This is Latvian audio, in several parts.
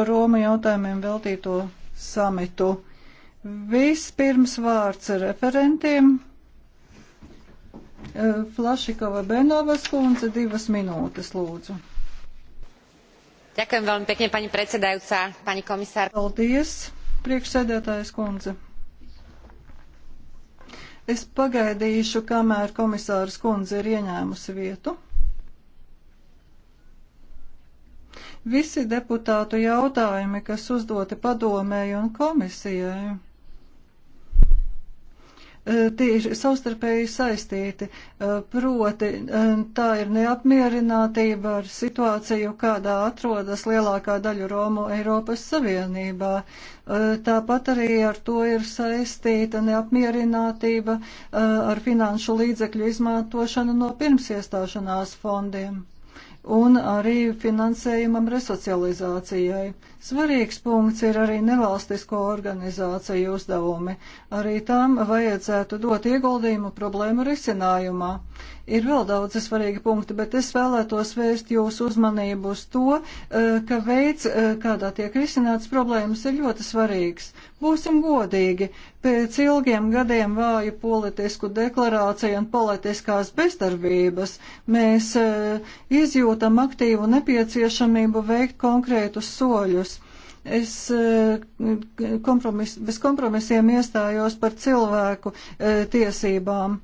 otro Roma jautājumiem veltīto samitu. Vispirms vārds referentiem. Eh, Flašikova Benovas kundze, divas minūtes lūdzu. Ďakujem veľmi pekne, pani predsedajúca, pani komisár. Paldies, priekšsēdētājs kundze. Es pagaidīšu, kamēr komisārs kundze ir ieņēmusi vietu. visi deputātu jautājumi, kas uzdoti padomēji un komisijai e, tieši savstarpēji saistīti. E, proti, e, tā ir neapmierinātība ar situāciju, kādā atrodas lielākā daļa Romu Eiropas Savienībā. Tāpat arī ar to ir saistīta neapmierinātība ar finanšu līdzekļu izmantošanu no pirmsiestāšanās fondiem un arī finansējumam resocializācijai. Svarīgs punkts ir arī nevalstisko organizāciju uzdevumi. Arī tām vajadzētu dot ieguldījumu problēmu risinājumā. Ir vēl daudzi svarīgi punkti, bet es vēlētos vērst jūsu uzmanību uz to, eh, ka veids, eh, kādā tiek risināts problēmas, ir ļoti svarīgs. Būsim godīgi, pēc ilgiem gadiem vāju politisku deklarāciju un politiskās bezdarbības mēs eh, izjūtam aktīvu nepieciešamību veikt konkrētus soļus. Es eh, kompromis, bez kompromisiem iestājos par cilvēku eh, tiesībām.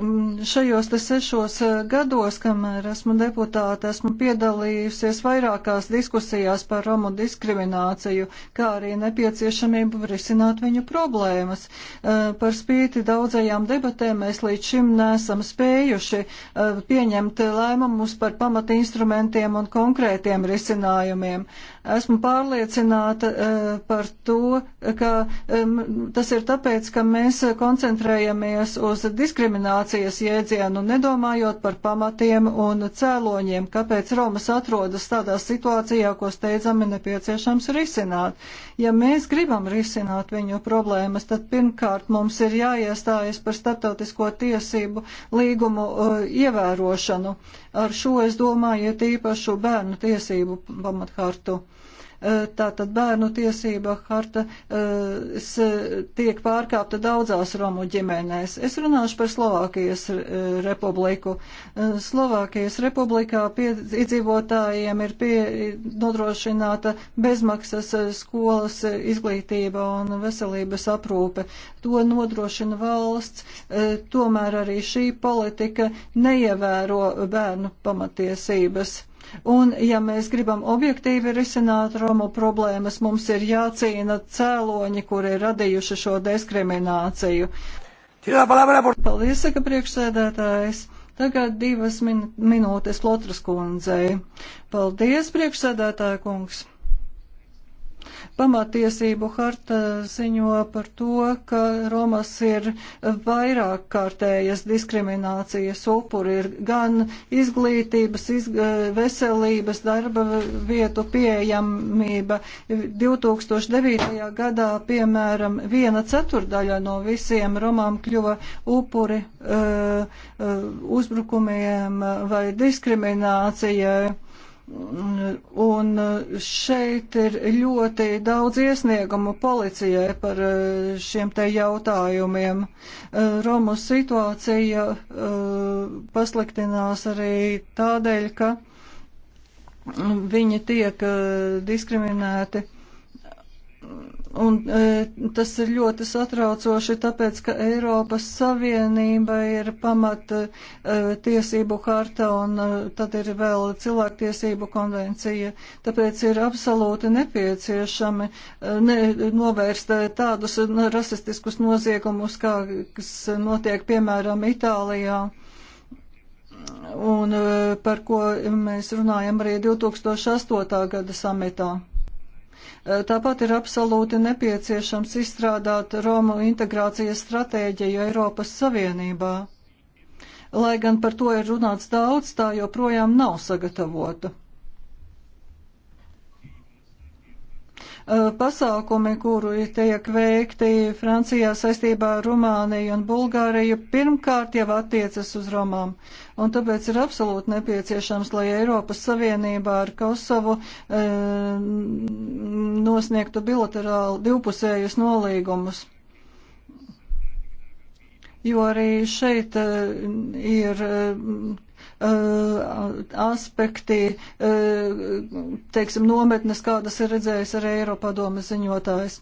Mm, šajos te sešos eh, gados, kamēr esmu deputāte, esmu piedalījusies vairākās diskusijās par romu diskrimināciju, kā arī nepieciešamību risināt viņu problēmas. Eh, par spīti daudzajām debatēm mēs līdz šim nesam spējuši eh, pieņemt lēmumus par pamatinstrumentiem un konkrētiem risinājumiem. Esmu pārliecināta par to, ka tas ir tāpēc, ka mēs koncentrējamies uz diskrimināciju diskriminācijas jēdzienu, nedomājot par pamatiem un cēloņiem, kāpēc Romas atrodas tādā situācijā, ko steidzami nepieciešams risināt. Ja mēs gribam risināt viņu problēmas, tad pirmkārt mums ir jāiestājas par starptautisko tiesību līgumu uh, ievērošanu. Uh, Ar šo es domāju iet īpašu bērnu tiesību pamathartu. E, tātad bērnu tiesība harta e, tiek pārkāpta daudzās Romu ģimenēs. Es runāšu par Slovākijas e, republiku. Slovākijas republikā iedzīvotājiem ir pie, nodrošināta bezmaksas skolas izglītība un veselības aprūpe. To nodrošina valsts. Tomēr arī šī politika neievēro bērnu un pamatiesības. Un, ja mēs gribam objektīvi risināt Romu problēmas, mums ir jācīna cēloņi, kuri ir radījuši šo diskrimināciju. Paldies, saka priekšsēdētājs. Tagad divas min minūtes Lotras kundzei. Paldies, priekšsēdētāja kungs. Pamatiesību harta ziņo par to, ka Romas ir vairāk kārtējas diskriminācijas upuri, ir gan izglītības, izg eh, veselības, darba vietu pieejamība. 2009. gadā, piemēram, viena ceturdaļa no visiem Romām kļuva upuri uh, uh, uzbrukumiem vai diskriminācijai. Un uh, šeit ir ļoti daudz iesniegumu policijai par uh, šiem te jautājumiem. Uh, Romu situācija pasliktinās arī tādēļ, ka viņi tiek diskriminēti Un e, tas ir ļoti satraucoši, tāpēc, ka Eiropas Savienība ir pamata e, tiesību harta un e, tad ir vēl cilvēktiesību konvencija. Tāpēc ir absolūti nepieciešami e, ne, novērst e, tādus rasistiskus noziegumus, kā, kas notiek piemēram Itālijā un e, par ko mēs runājam arī 2008. gada samitā. Eh, tāpat ir absolūti nepieciešams izstrādāt Romu integrācijas stratēģiju Eiropas Savienībā. Lai gan par to ir runāts daudz, tā joprojām nav sagatavota. Eh, pasākumi, kuri tiek veikti Francijā saistībā ar Rumāniju un Bulgāriju, pirmkārt jau attiecas uz Romām. Un tāpēc ir absolūti nepieciešams, lai Eiropas Savienībā ar Kosovu e, nosniegtu bilaterāli divpusējus nolīgumus jo arī šeit eh, ir Uh, aspekti, uh, teiksim, nometnes, kādas ir redzējis arī Eiropadomes ziņotājs.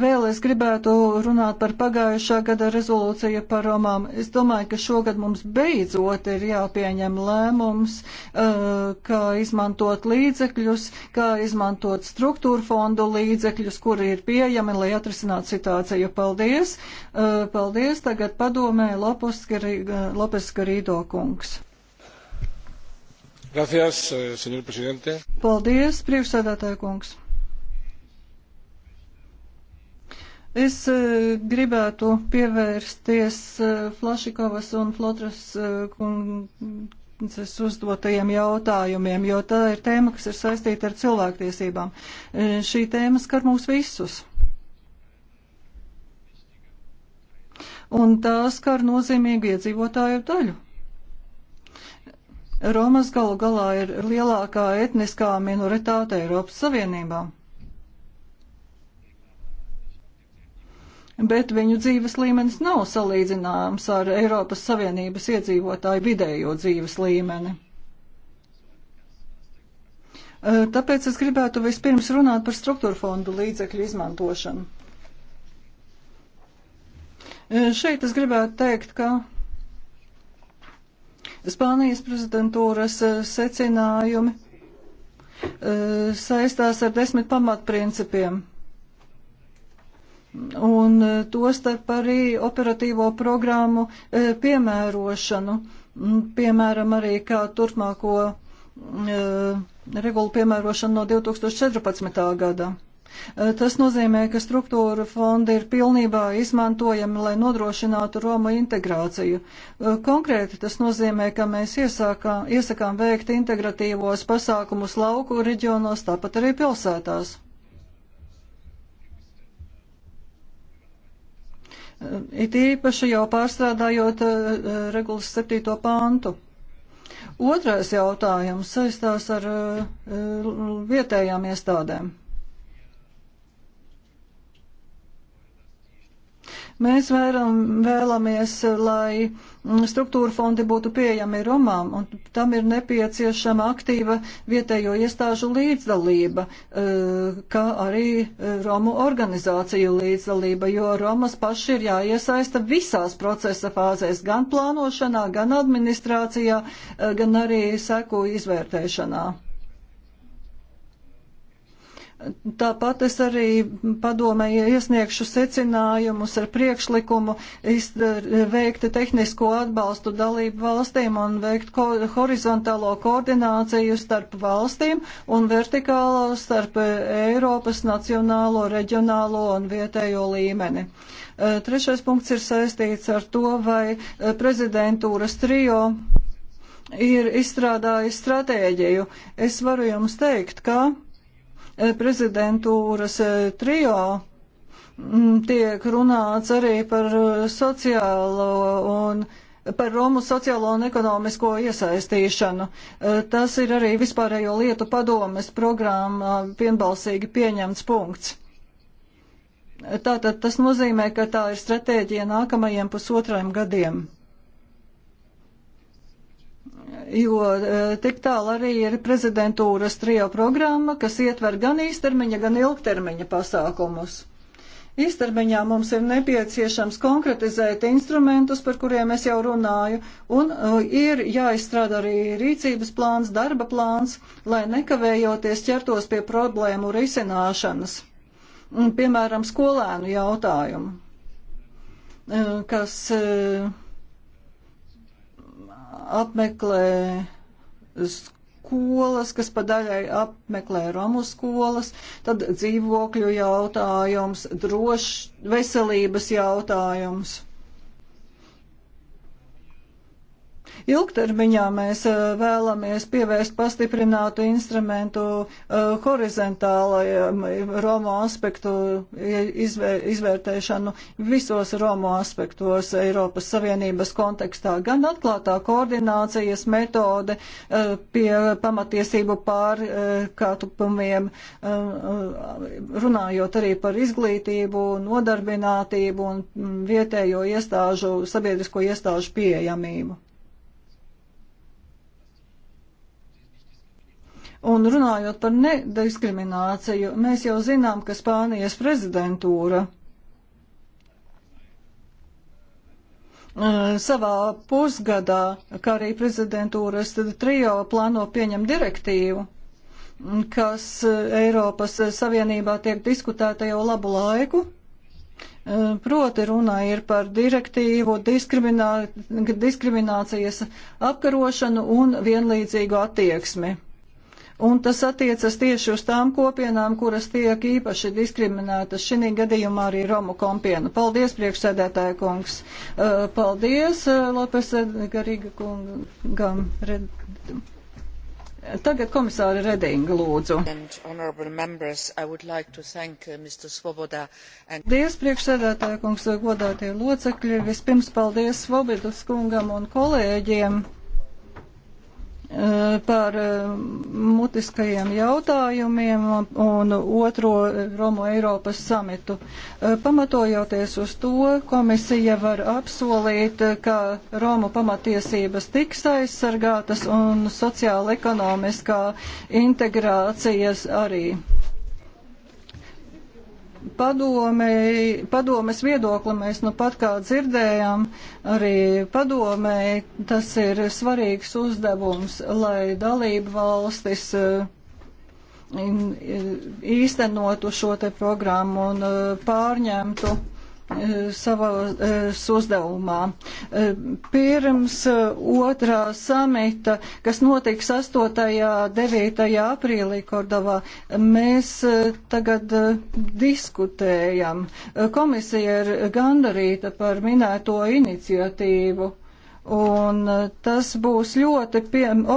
Vēl es gribētu runāt par pagājušā gada rezolūciju par Romām. Es domāju, ka šogad mums beidzot ir jāpieņem lēmums, uh, kā izmantot līdzekļus, kā izmantot struktūra fondu līdzekļus, kuri ir pieejami, lai atrisinātu situāciju. Paldies! Uh, paldies! Tagad padomē Lopes Garīdo uh, kungs. Gracias, eh, señor presidente. Paldies, priekšsēdētāja kungs. Es e, gribētu pievērsties e, Flašikovas un Flotras e, kundzes uzdotajiem jautājumiem, jo tā ir tēma, kas ir saistīta ar cilvēktiesībām. Šī tēma skar mūs visus. Un tā skar nozīmīgu iedzīvotāju daļu. Romas galu galā ir lielākā etniskā minoritāte Eiropas Savienībā. bet viņu dzīves līmenis nav salīdzināms ar Eiropas Savienības iedzīvotāju vidējo dzīves līmeni. Tāpēc es gribētu vispirms runāt par struktūra fondu līdzekļu izmantošanu. Šeit es gribētu teikt, ka Spānijas prezidentūras secinājumi saistās ar desmit pamatprincipiem un e, tostarp arī operatīvo programmu e, piemērošanu, mm, piemēram, arī kā turpmāko e, regulu piemērošanu no 2014. gada. Tas nozīmē, ka struktūra fondi ir pilnībā izmantojami, lai nodrošinātu Roma integrāciju. Konkrēti tas nozīmē, ka mēs iesākām, iesakām veikt integratīvos pasākumus lauku reģionos, tāpat arī pilsētās. It īpaši jau pārstrādājot eh, eh, regulas 7. pāntu. Otrais jautājums saistās ar eh, vietējām iestādēm. Mēs vēlam, vēlamies, lai mm, struktūra fondi būtu pieejami Romām, un tam ir nepieciešama aktīva vietējo iestāžu līdzdalība, e, kā arī e, Romu organizāciju līdzdalība, jo Romas paši ir jāiesaista visās procesa fāzēs, gan plānošanā, gan administrācijā, e, gan arī seku izvērtēšanā. Tāpat es arī padomēju iesniegšu secinājumus ar priekšlikumu veikt tehnisko atbalstu dalību valstīm un veikt ko horizontālo koordināciju starp valstīm un vertikālo starp Eiropas nacionālo, reģionālo un vietējo līmeni. E, trešais punkts ir saistīts ar to, vai e, prezidentūras trijo ir izstrādājis stratēģiju. Es varu jums teikt, ka prezidentūras e, trio mm, tiek runāts arī par e, sociālo un par Romu sociālo un ekonomisko iesaistīšanu. E, tas ir arī vispārējo lietu padomes programmā vienbalsīgi pieņemts punkts. Tātad tas nozīmē, ka tā ir stratēģija nākamajiem pusotrajiem gadiem jo e, tik tālu arī ir prezidentūras trio programma, kas ietver gan īstermiņa, gan ilgtermiņa pasākumus. Īstermiņā mums ir nepieciešams konkretizēt instrumentus, par kuriem es jau runāju, un e, ir jāizstrādā arī rīcības plāns, darba plāns, lai nekavējoties ķertos pie problēmu risināšanas, piemēram, skolēnu jautājumu, e, kas apmeklē skolas, kas pa daļai apmeklē Romu skolas, tad dzīvokļu jautājums, drošs veselības jautājums. Ilgtermiņā mēs eh, vēlamies pievērst pastiprinātu instrumentu eh, horizontālajiem Romu aspektu izvērtēšanu visos Romu aspektos Eiropas Savienības kontekstā. Gan atklātā koordinācijas metode eh, pie pamatiesību pārkāpumiem, runājot arī par izglītību, nodarbinātību un mm, vietējo iestāžu, sabiedrisko iestāžu pieejamību. Un runājot par nediskrimināciju, mēs jau zinām, ka Spānijas prezidentūra e, savā pusgadā, kā arī prezidentūras trijo plāno pieņemt direktīvu, kas Eiropas Savienībā tiek diskutēta jau labu laiku. E, proti runā ir par direktīvu diskriminā, diskriminācijas apkarošanu un vienlīdzīgu attieksmi. Un tas attiecas tieši uz tām kopienām, kuras tiek īpaši diskriminētas. Šī gadījumā arī Romu kopiena. Paldies, priekšsēdētāja kungs. Uh, paldies, uh, Lopes Garīga kungam. Tagad komisāri Redinga lūdzu. Uh, paldies, priekšsēdētāja kungs, godātie locekļi. Vispirms paldies Svobodas kungam un kolēģiem. Eh, par eh, mutiskajiem jautājumiem un otro Romu Eiropas samitu. Eh, pamatojoties uz to, komisija var apsolīt, ka Romu pamatiesības tiks aizsargātas un sociāla ekonomiskā integrācijas arī padomēji, padomes viedokli mēs nu pat kā dzirdējām, arī padomēji tas ir svarīgs uzdevums, lai dalību valstis uh, uh, īstenotu šo te programmu un uh, pārņemtu savas e, uzdevumā. E, pirms e, otrā samita, kas notiks 8. 9. aprīlī Kordovā, mēs tagad diskutējam. Komisija ir gandarīta par minēto iniciatīvu. Un tas būs ļoti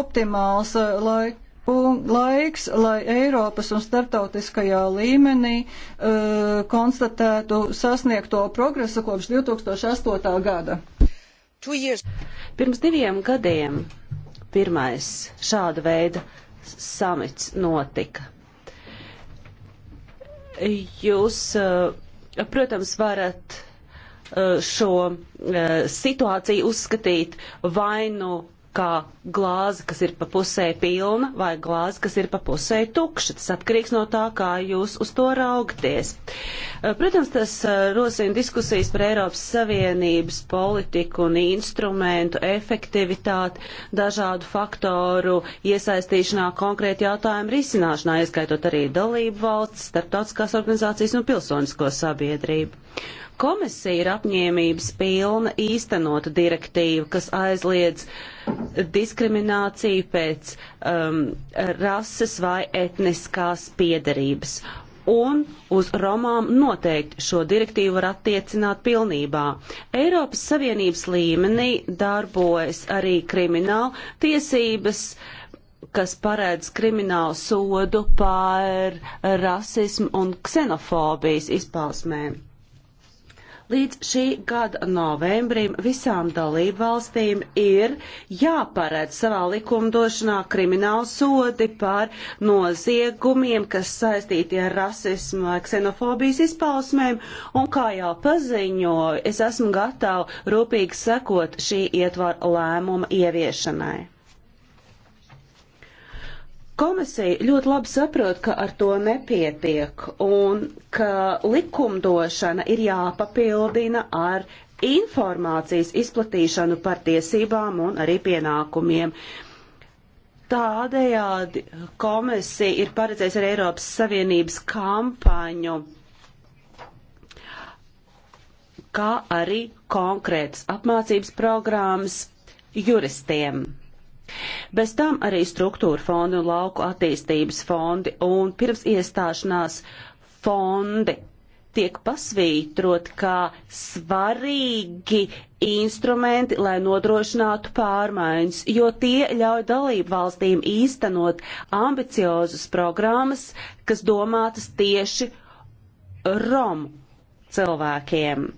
optimāls laika Un laiks, lai Eiropas un starptautiskajā līmenī uh, konstatētu sasniegto progresu kopš 2008. gada. Pirms diviem gadiem pirmais šāda veida samits notika. Jūs, uh, protams, varat uh, šo situāciju uzskatīt vainu kā glāze, kas ir pa pusē pilna, vai glāze, kas ir pa pusē tukša. Tas atkarīgs no tā, kā jūs uz to raugties. Eh, protams, tas eh, rosina diskusijas par Eiropas Savienības politiku un instrumentu efektivitāti, dažādu faktoru iesaistīšanā konkrēti jautājumu risināšanā, ieskaitot arī dalību valsts, starptautiskās organizācijas un pilsonisko sabiedrību. Komisija ir apņēmības pilna īstenot direktīvu, kas aizliedz diskrimināciju pēc um, rases vai etniskās piedarības. Un uz Romām noteikti šo direktīvu var attiecināt pilnībā. Eiropas Savienības līmenī darbojas arī krimināla tiesības uh, kas paredz kriminālu sodu par rasismu un ksenofobijas izpausmēm. Līdz šī gada novembrim visām dalību valstīm ir jāparedz savā likumdošanā kriminālu sodi par noziegumiem, kas saistīti ar rasismu vai ksenofobijas izpausmēm, un kā jau paziņoju, es esmu gatava rūpīgi sekot šī ietvara lēmuma ieviešanai. Komisija ļoti labi saprot, ka ar to nepietiek un ka likumdošana ir jāpapildina ar informācijas izplatīšanu par tiesībām un arī pienākumiem. Tādējādi komisija ir paredzējusi ar Eiropas Savienības kampaņu, kā arī konkrētas apmācības programmas juristiem. Bez tam arī struktūra fondi un lauku attīstības fondi un pirms iestāšanās fondi tiek pasvītrot kā svarīgi instrumenti, lai nodrošinātu pārmaiņas, jo tie ļauj dalību valstīm īstenot ambiciozas programmas, kas domātas tieši Romu cilvēkiem.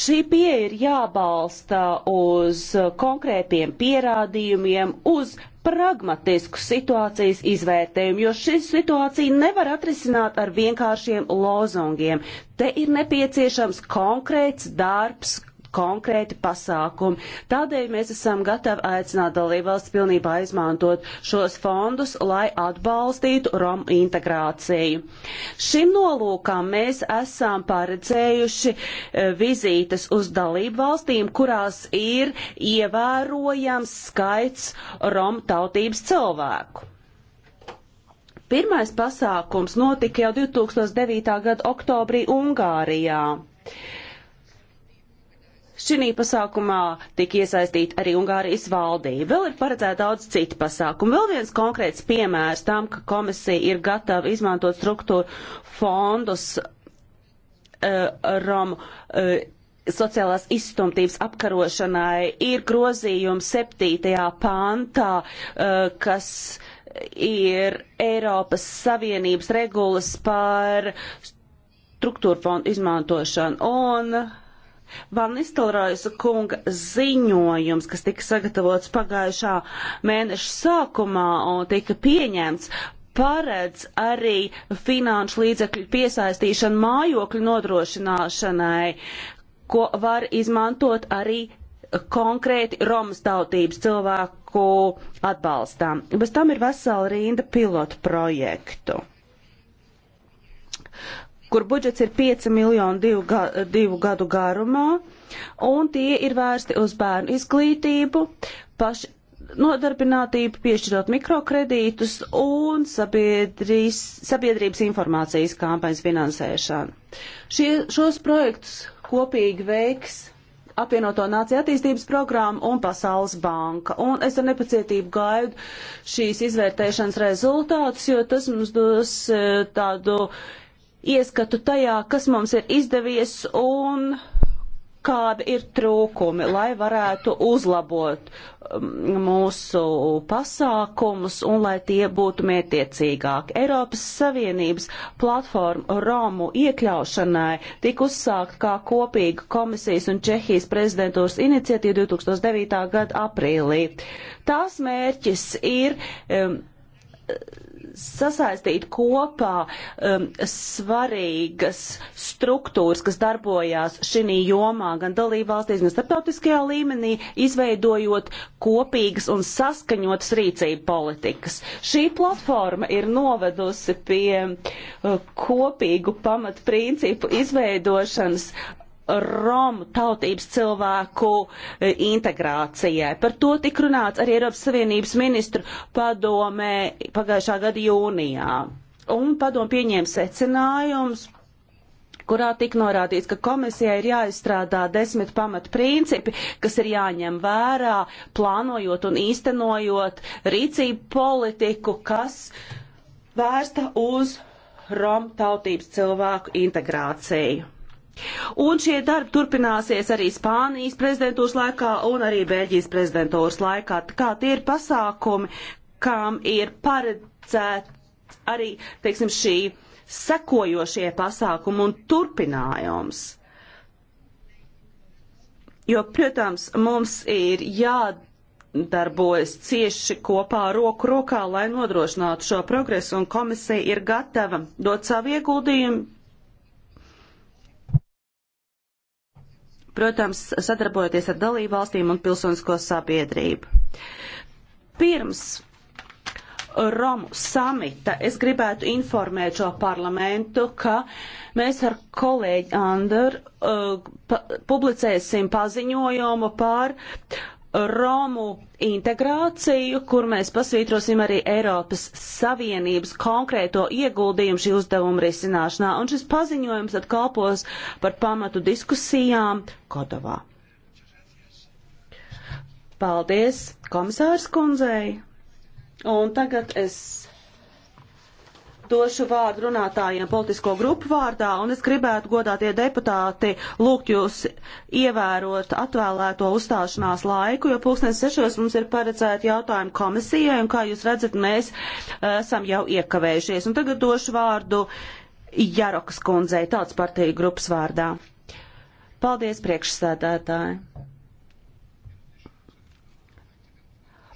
Šī pieeja ir jābalsta uz konkrētiem pierādījumiem, uz pragmatisku situācijas izvērtējumu, jo šī situācija nevar atrisināt ar vienkāršiem lozungiem. Te ir nepieciešams konkrēts darbs, konkrēti pasākumi. Tādēļ mēs esam gatavi aicināt dalībvalsts pilnībā izmantot šos fondus, lai atbalstītu Romu integrāciju. Šim nolūkam mēs esam paredzējuši eh, vizītes uz dalībvalstīm, kurās ir ievērojams skaits Romu tautības cilvēku. Pirmais pasākums notika jau 2009. gada oktobrī Ungārijā. Šī pasākumā tika iesaistīta arī Ungārijas valdība. Vēl ir paredzēta daudz citu pasākumu. Vēl viens konkrēts piemērs tam, ka komisija ir gatava izmantot struktūru fondus uh, eh, Romu uh, eh, sociālās izstumtības apkarošanai, ir grozījums septītajā pantā, uh, kas ir Eiropas Savienības regulas par struktūru fondu izmantošanu. Un, Van Nistelrojas kunga ziņojums, kas tika sagatavots pagājušā mēneša sākumā un tika pieņemts, paredz arī finanšu līdzekļu piesaistīšanu mājokļu nodrošināšanai, ko var izmantot arī konkrēti Romas tautības cilvēku atbalstām. Bez tam ir vesela rinda pilotu projektu kur budžets ir 5 miljoni divu, ga, divu gadu garumā, un tie ir vērsti uz bērnu izglītību, paši nodarbinātību, piešķirot mikrokredītus un sabiedrības informācijas kampaņas finansēšanu. Šie, šos projektus kopīgi veiks apvienoto nāciju attīstības programma un Pasaules banka. Un es ar nepacietību gaidu šīs izvērtēšanas rezultātus, jo tas mums dos eh, tādu ieskatu tajā, kas mums ir izdevies un kādi ir trūkumi, lai varētu uzlabot um, mūsu pasākumus un lai tie būtu mētiecīgāki. Eiropas Savienības platforma Romu iekļaušanai tika uzsākt kā kopīga komisijas un Čehijas prezidentūras iniciatīva 2009. gada aprīlī. Tās mērķis ir um, sasaistīt kopā um, svarīgas struktūras, kas darbojās šī jomā, gan dalībvalstīs, gan starptautiskajā līmenī, izveidojot kopīgas un saskaņotas rīcību politikas. Šī platforma ir novedusi pie uh, kopīgu pamatprincipu izveidošanas Romu tautības cilvēku e, integrācijai. Par to tik runāts arī Eiropas Savienības ministru padomē pagājušā gada jūnijā. Un padomu pieņēma secinājums, kurā tik norādīts, ka komisijai ir jāizstrādā desmit pamat principi, kas ir jāņem vērā, plānojot un īstenojot rīcību politiku, kas vērsta uz Romu tautības cilvēku integrāciju. Un šie darbi turpināsies arī Spānijas prezidentūras laikā un arī Bēļģijas prezidentūras laikā. Kā tie ir pasākumi, kam ir paredzēti arī, teiksim, šī sekojošie pasākumi un turpinājums. Jo, protams, mums ir jādara darbojas cieši kopā roku rokā, lai nodrošinātu šo progresu, un komisija ir gatava dot savu ieguldījumu protams, sadarbojoties ar dalību valstīm un pilsonisko sabiedrību. Pirms Romu samita es gribētu informēt šo parlamentu, ka mēs ar kolēģi Andru uh, pa publicēsim paziņojumu par Romu integrāciju, kur mēs pasvītrosim arī Eiropas Savienības konkrēto ieguldījumu šī uzdevuma risināšanā. Un šis paziņojums tad kalpos par pamatu diskusijām Kodovā. Paldies komisārs kundzei. Un tagad es došu vārdu runātājiem politisko grupu vārdā, un es gribētu, godātie deputāti, lūgt jūs ievērot atvēlēto uzstāšanās laiku, jo pulkstens sešos mums ir paredzēti jautājumi komisijai, un kā jūs redzat, mēs eh, esam jau iekavējušies. Un tagad došu vārdu Jarokas kundzei, tāds partiju grupas vārdā. Paldies, priekšsēdētāji!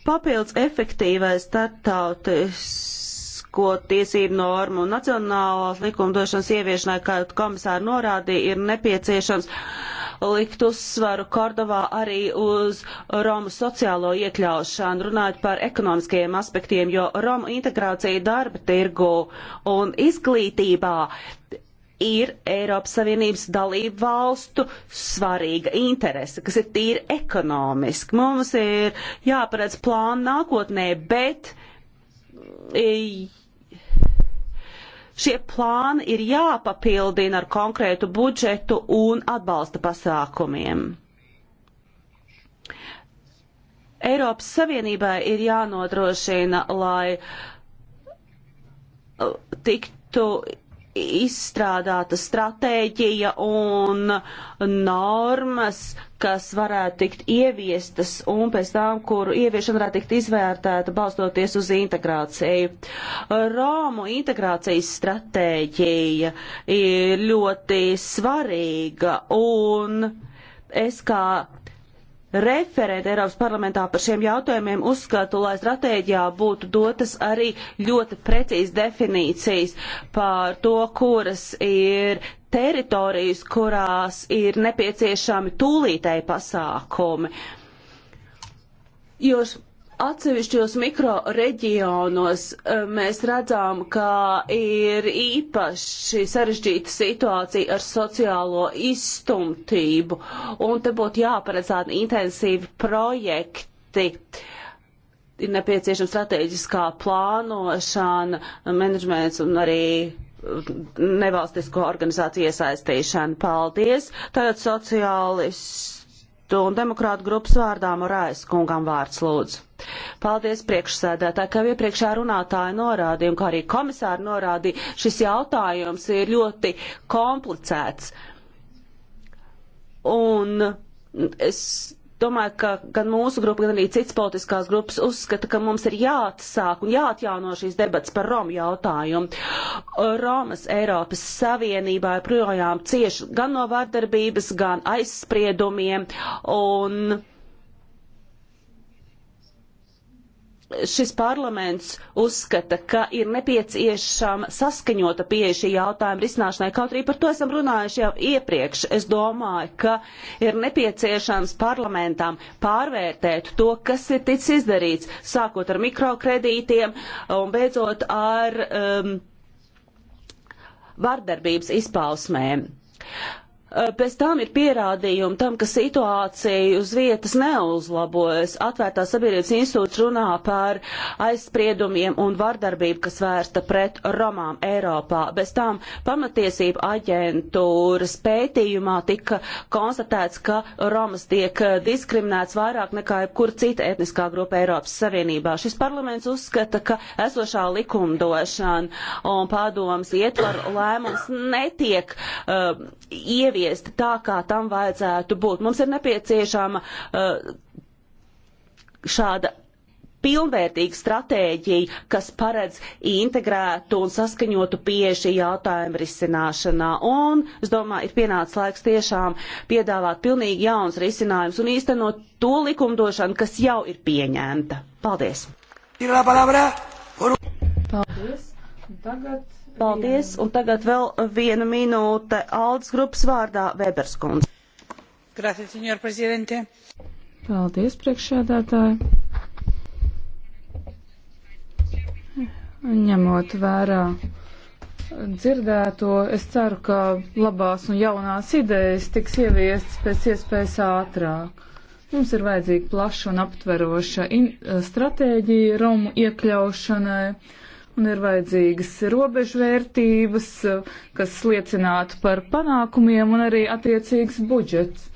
Papildus efektīvai starptautis juridisko tiesību normu un nacionālās likumdošanas ieviešanai, kā komisāri norādīja, ir nepieciešams likt uzsvaru Kordovā arī uz Romu sociālo iekļaušanu, runājot par ekonomiskajiem aspektiem, jo Romu integrācija darba tirgu un izglītībā ir Eiropas Savienības dalību valstu svarīga interese, kas ir tīri ekonomiski. Mums ir jāparedz plāni nākotnē, bet Šie plāni ir jāpapildina ar konkrētu budžetu un atbalsta pasākumiem. Eiropas Savienībai ir jānodrošina, lai uh, tiktu izstrādāta stratēģija un normas, kas varētu tikt ieviestas un pēc tām, kuru ieviešana varētu tikt izvērtēta balstoties uz integrāciju. Romu integrācijas stratēģija ir ļoti svarīga un es kā referēt Eiropas parlamentā par šiem jautājumiem, uzskatu, lai stratēģijā būtu dotas arī ļoti precīzas definīcijas par to, kuras ir teritorijas, kurās ir nepieciešami tūlītēji pasākumi. Jo Atsevišķos mikroreģionos e, mēs redzam, ka ir īpaši sarežģīta situācija ar sociālo izstumtību, un te būtu jāparedzēta intensīvi projekti. Ir nepieciešama strateģiskā plānošana, menedžments un arī e, nevalstisko organizāciju iesaistīšana. Paldies! Tagad sociālists Kristiešu un demokrātu grupas vārdām Rājas kungam vārds lūdzu. Paldies priekšsēdētāji, kā iepriekšā runātāja norādīja un kā arī komisāra norādīja, šis jautājums ir ļoti komplicēts. Un es domāju, ka gan mūsu grupa, gan arī cits politiskās grupas uzskata, ka mums ir jāatsāk un jāatjauno šīs debats par Romu jautājumu. Romas Eiropas Savienībā projām cieši gan no vardarbības, gan aizspriedumiem. Un, šis parlaments uzskata, ka ir nepieciešama saskaņota pieeja šī jautājuma risināšanai. Kaut arī par to esam runājuši jau iepriekš. Es domāju, ka ir nepieciešams parlamentam pārvērtēt to, kas ir ticis izdarīts, sākot ar mikrokredītiem un beidzot ar um, vardarbības izpausmēm. Uh, Eh, pēc tam ir pierādījumi tam, ka situācija uz vietas neuzlabojas. Atvērtā sabiedrības institūts runā par aizspriedumiem un vardarbību, kas vērsta pret romām Eiropā. Bez tam pamatiesība aģentūras pētījumā tika konstatēts, ka romas tiek eh, diskriminēts vairāk nekā jebkura cita etniskā grupa Eiropas Savienībā. Šis parlaments uzskata, ka esošā likumdošana un padomas ietvaru lēmums netiek uh, eh, ievies ieviest tā, kā tam vajadzētu būt. Mums ir nepieciešama uh, šāda pilnvērtīga stratēģija, kas paredz integrētu un saskaņotu pieeja šī jautājuma risināšanā. Un, es domāju, ir pienācis laiks tiešām piedāvāt pilnīgi jauns risinājums un īstenot to likumdošanu, kas jau ir pieņemta. Paldies! Paldies! Tagad Paldies, un tagad vēl viena minūte Aldis grupas vārdā Weberskundze. Gracias, senor presidente. Paldies, priekšsēdētāji. Ņemot vērā dzirdēto, es ceru, ka labās un jaunās idejas tiks ieviestas pēc iespējas ātrāk. Mums ir vajadzīga plaša un aptveroša stratēģija Romu iekļaušanai un ir vajadzīgas robežvērtības, kas liecinātu par panākumiem un arī attiecīgs budžets.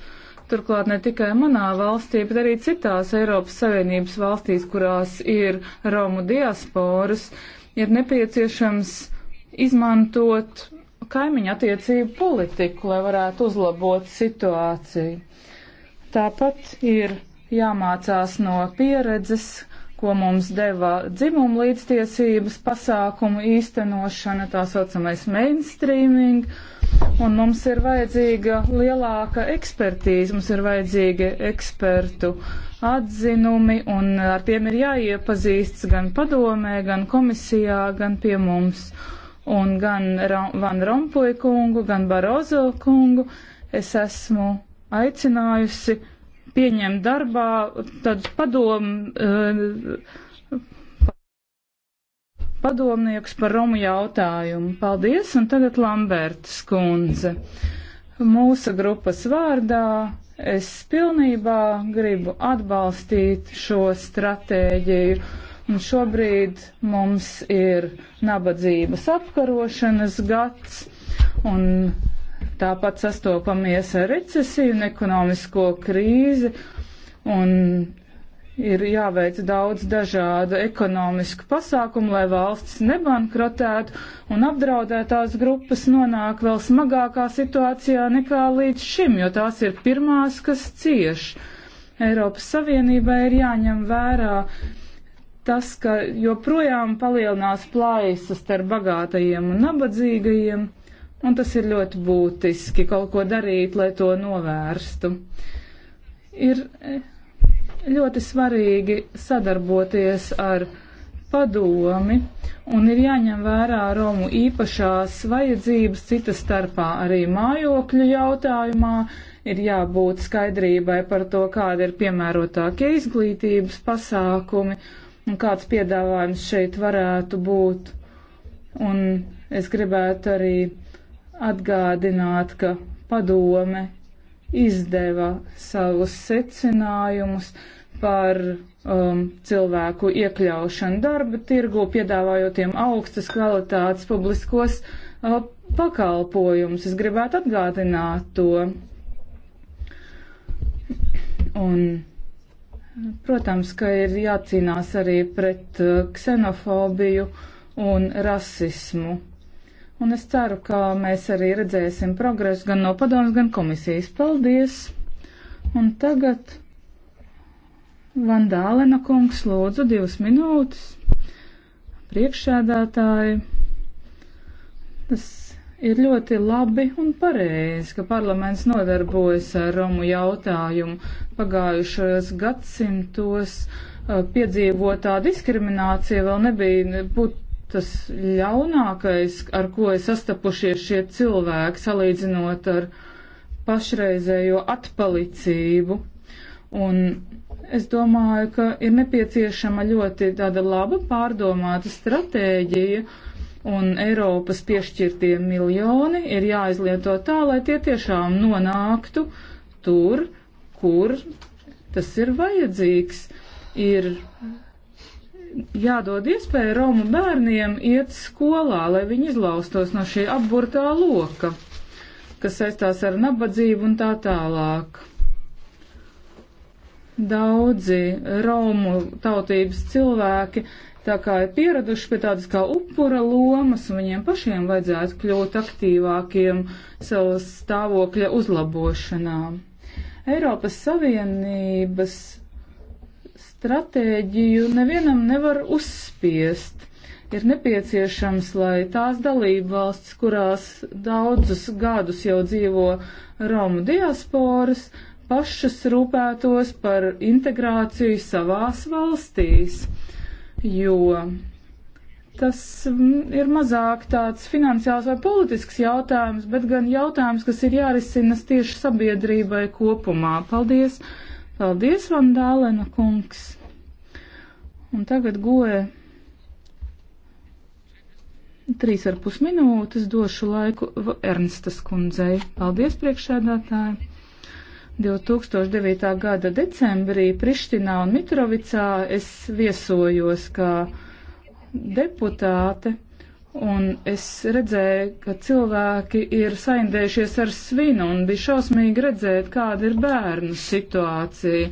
Turklāt ne tikai manā valstī, bet arī citās Eiropas Savienības valstīs, kurās ir Romu diasporas, ir nepieciešams izmantot kaimiņu attiecību politiku, lai varētu uzlabot situāciju. Tāpat ir jāmācās no pieredzes, ko mums deva dzimuma līdztiesības pasākumu īstenošana, tā saucamais mainstreaming, un mums ir vajadzīga lielāka ekspertīze, mums ir vajadzīgi ekspertu atzinumi, un ar tiem ir jāiepazīsts gan padomē, gan komisijā, gan pie mums, un gan Van Rompuy kungu, gan Barozo kungu es esmu aicinājusi pieņemt darbā tādus padomu, eh, padomnieks par Romu jautājumu. Paldies, un tagad Lamberts kundze. Mūsu grupas vārdā es pilnībā gribu atbalstīt šo stratēģiju. Un šobrīd mums ir nabadzības apkarošanas gads, un Tāpat sastopamies ar recesiju un ekonomisko krīzi. Un ir jāveic daudz dažādu ekonomisku pasākumu, lai valsts nebankrotētu un apdraudētās grupas nonāk vēl smagākā situācijā nekā līdz šim, jo tās ir pirmās, kas cieš. Eiropas Savienībai ir jāņem vērā tas, ka joprojām palielinās plaisas starp bagātajiem un nabadzīgajiem. Un tas ir ļoti būtiski kaut ko darīt, lai to novērstu. Ir eh, ļoti svarīgi sadarboties ar padomi un ir jāņem vērā Romu īpašās vajadzības, cita starpā arī mājokļu jautājumā. Ir jābūt skaidrībai par to, kāda ir piemērotākie izglītības pasākumi un kāds piedāvājums šeit varētu būt. Un es gribētu arī atgādināt, ka padome izdeva savus secinājumus par um, cilvēku iekļaušanu darba tirgu, piedāvājot tiem augstas kvalitātes publiskos uh, pakalpojumus. Es gribētu atgādināt to. Un, protams, ka ir jācīnās arī pret uh, ksenofobiju un rasismu. Un es ceru, ka mēs arī redzēsim progresu gan no padomas, gan komisijas. Paldies! Un tagad Vandālena kungs lūdzu divas minūtes. Priekšsēdētāji, tas ir ļoti labi un pareizi, ka parlaments nodarbojas ar Romu jautājumu. Pagājušajos gadsimtos uh, piedzīvotā diskriminācija vēl nebija būt tas ļaunākais, ar ko ir sastapušies šie cilvēki, salīdzinot ar pašreizējo atpalicību. Un es domāju, ka ir nepieciešama ļoti tāda laba pārdomāta stratēģija, un Eiropas piešķirtie miljoni ir jāizlieto tā, lai tie tiešām nonāktu tur, kur tas ir vajadzīgs. Ir jādod iespēja Romu bērniem iet skolā, lai viņi izlaustos no šī apburtā loka, kas saistās ar nabadzību un tā tālāk. Daudzi Romu tautības cilvēki tā kā ir pieraduši pie tādas kā upura lomas, un viņiem pašiem vajadzētu kļūt aktīvākiem savas stāvokļa uzlabošanā. Eiropas Savienības stratēģiju nevienam nevar uzspiest. Ir nepieciešams, lai tās dalībvalstis, kurās daudzus gadus jau dzīvo Romu diasporas, pašas rūpētos par integrāciju savās valstīs, jo tas ir mazāk tāds finansiāls vai politisks jautājums, bet gan jautājums, kas ir jārisinas tieši sabiedrībai kopumā. Paldies! Paldies, Vandālena kungs! Un tagad goja trīs ar pus minūtes došu laiku Ernstas kundzei. Paldies, priekšēdātāji! 2009. gada decembrī Prištinā un Mitrovicā es viesojos kā deputāte Un es redzēju, ka cilvēki ir saindējušies ar svinu un bija šausmīgi redzēt, kāda ir bērnu situācija.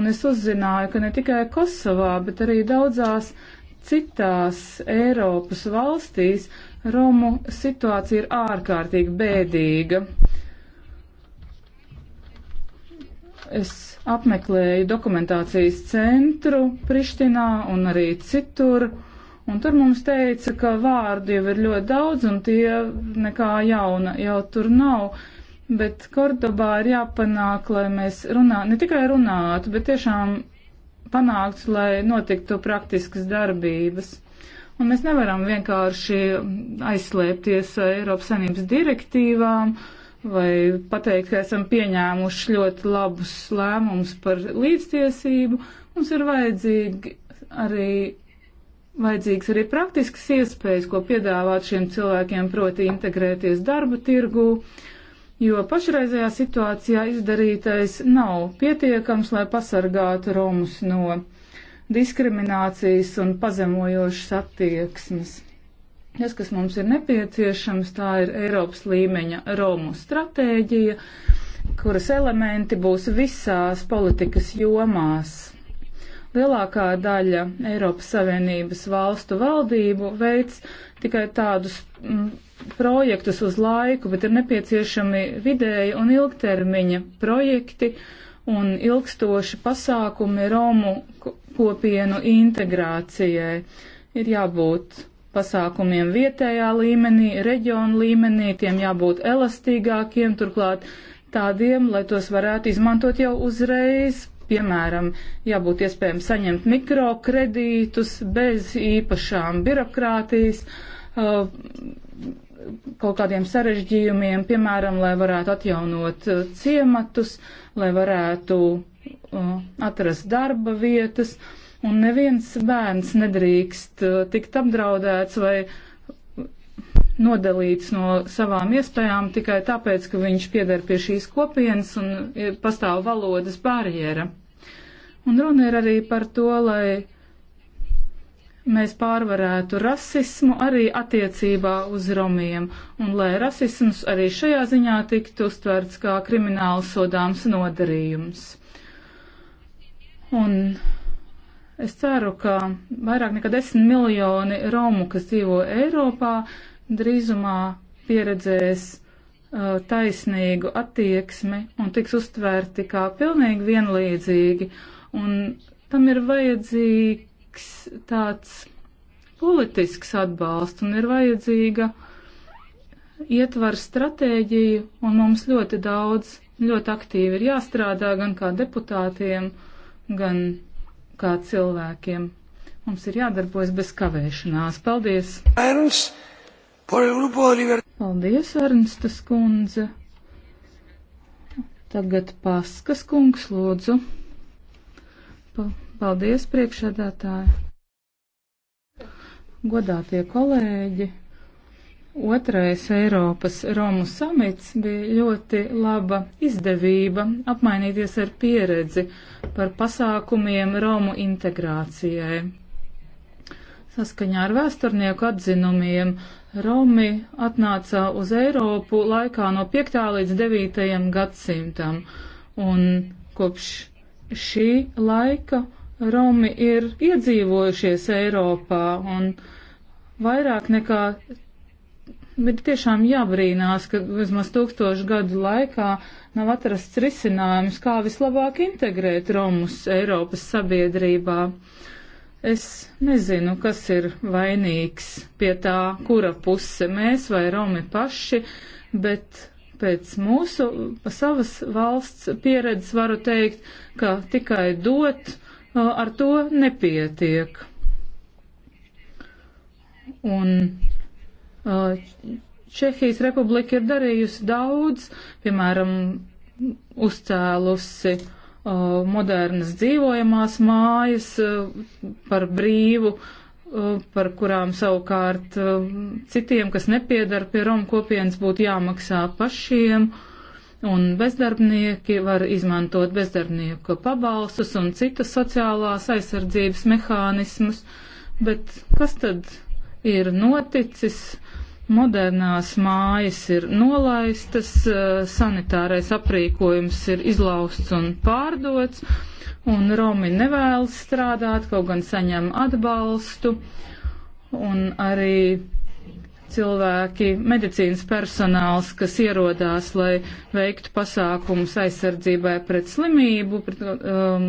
Un es uzzināju, ka ne tikai Kosovā, bet arī daudzās citās Eiropas valstīs Romu situācija ir ārkārtīgi bēdīga. Es apmeklēju dokumentācijas centru Prištinā un arī citur. Un tur mums teica, ka vārdu jau ir ļoti daudz un tie nekā jauna jau tur nav. Bet Kordobā ir jāpanāk, lai mēs runātu, ne tikai runātu, bet tiešām panāktu, lai notiktu praktiskas darbības. Un mēs nevaram vienkārši aizslēpties Eiropas Sanības direktīvām vai pateikt, ka esam pieņēmuši ļoti labus lēmumus par līdztiesību. Mums ir vajadzīgi arī vajadzīgs arī praktisks iespējas, ko piedāvāt šiem cilvēkiem, proti integrēties darba tirgū, jo pašreizējā situācijā izdarītais nav pietiekams, lai pasargātu Romus no diskriminācijas un pazemojošas attieksmes. Tas, kas mums ir nepieciešams, tā ir Eiropas līmeņa Romu stratēģija, kuras elementi būs visās politikas jomās. Lielākā daļa Eiropas Savienības valstu valdību veids tikai tādus m, mm, projektus uz laiku, bet ir nepieciešami vidēja un ilgtermiņa projekti un ilgstoši pasākumi Romu kopienu integrācijai. Ir jābūt pasākumiem vietējā līmenī, reģionu līmenī, tiem jābūt elastīgākiem, turklāt tādiem, lai tos varētu izmantot jau uzreiz Piemēram, jābūt iespējami saņemt mikrokredītus bez īpašām birokrātijas, uh, kaut kādiem sarežģījumiem, piemēram, lai varētu atjaunot uh, ciematus, lai varētu uh, atrast darba vietas, un neviens bērns nedrīkst tikt apdraudēts vai nodalīts no savām iespējām tikai tāpēc, ka viņš piedar pie šīs kopienas un pastāv valodas barjera. Un runa ir arī par to, lai mēs pārvarētu rasismu arī attiecībā uz romiem, un lai rasisms arī šajā ziņā tiktu uztverts kā krimināls sodāms nodarījums. Un es ceru, ka vairāk nekā desmit miljoni romu, kas dzīvo Eiropā, uh, drīzumā pieredzēs uh, taisnīgu attieksmi un tiks uztvērti kā pilnīgi vienlīdzīgi. Un tam ir vajadzīgs tāds politisks atbalsts un ir vajadzīga ietvar stratēģiju, un mums ļoti daudz, ļoti aktīvi ir jāstrādā gan kā deputātiem, gan kā cilvēkiem. Mums ir jādarbojas bez kavēšanās. Paldies! Ernst. Paldies, Ernstas kundze. Tagad Paskas kungs, lūdzu. Paldies, priekšsēdētāji. Godātie kolēģi, otrais Eiropas Romu samits bija ļoti laba izdevība apmainīties ar pieredzi par pasākumiem Romu integrācijai. Saskaņā ar vēsturnieku atzinumiem Romi atnāca uz Eiropu laikā no 5. līdz 9. gadsimtam, un kopš šī laika Romi ir iedzīvojušies Eiropā, un vairāk nekā, bet tiešām jābrīnās, ka vismaz tūkstošu gadu laikā nav atrasts risinājums, kā vislabāk integrēt Romus Eiropas sabiedrībā. Uh, Es nezinu, kas ir vainīgs pie tā, kura puse mēs vai Romi paši, bet pēc mūsu savas valsts pieredzes varu teikt, ka tikai dot ar to nepietiek. Un Čehijas republika ir darījusi daudz, piemēram, uzcēlusi uh, Uh, modernas dzīvojamās mājas uh, par brīvu, uh, par kurām savukārt citiem, kas nepiedara pie Romu kopienas, būtu jāmaksā pašiem. Un bezdarbnieki var izmantot bezdarbnieku pabalstus un citas sociālās aizsardzības mehānismus. Bet kas tad ir noticis? Modernās mājas ir nolaistas, eh, sanitārais aprīkojums ir izlausts un pārdots, un Romi nevēlas strādāt, kaut gan saņem atbalstu, un arī cilvēki, medicīnas personāls, kas ierodās, lai veiktu pasākumus aizsardzībai pret slimību, pret um,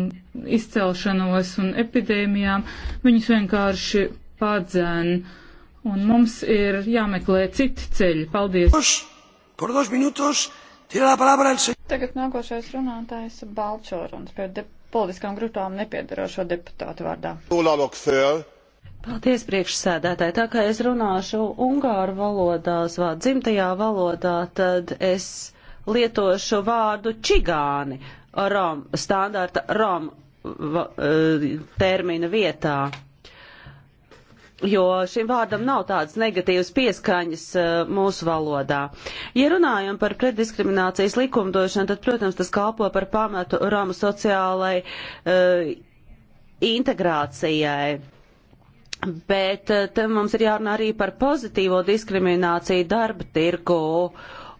izcelšanos un epidēmijām, viņus vienkārši padzēna un mums ir jāmeklē citi ceļi. Paldies! Tagad nākošais runātājs Balčoruns pie de politiskām grupām nepiedarošo deputātu vārdā. Paldies, priekšsēdētāji. Tā kā es runāšu ungāru valodā, savā dzimtajā valodā, tad es lietošu vārdu čigāni rom, standarta rom va, eh, termina vietā jo šim vārdam nav tādas negatīvas pieskaņas uh, mūsu valodā. Ja runājam par preddiskriminācijas likumdošanu, tad, protams, tas kalpo par pamatu Romu sociālai uh, integrācijai. Bet uh, te mums ir jārunā arī par pozitīvo diskrimināciju darba tirgu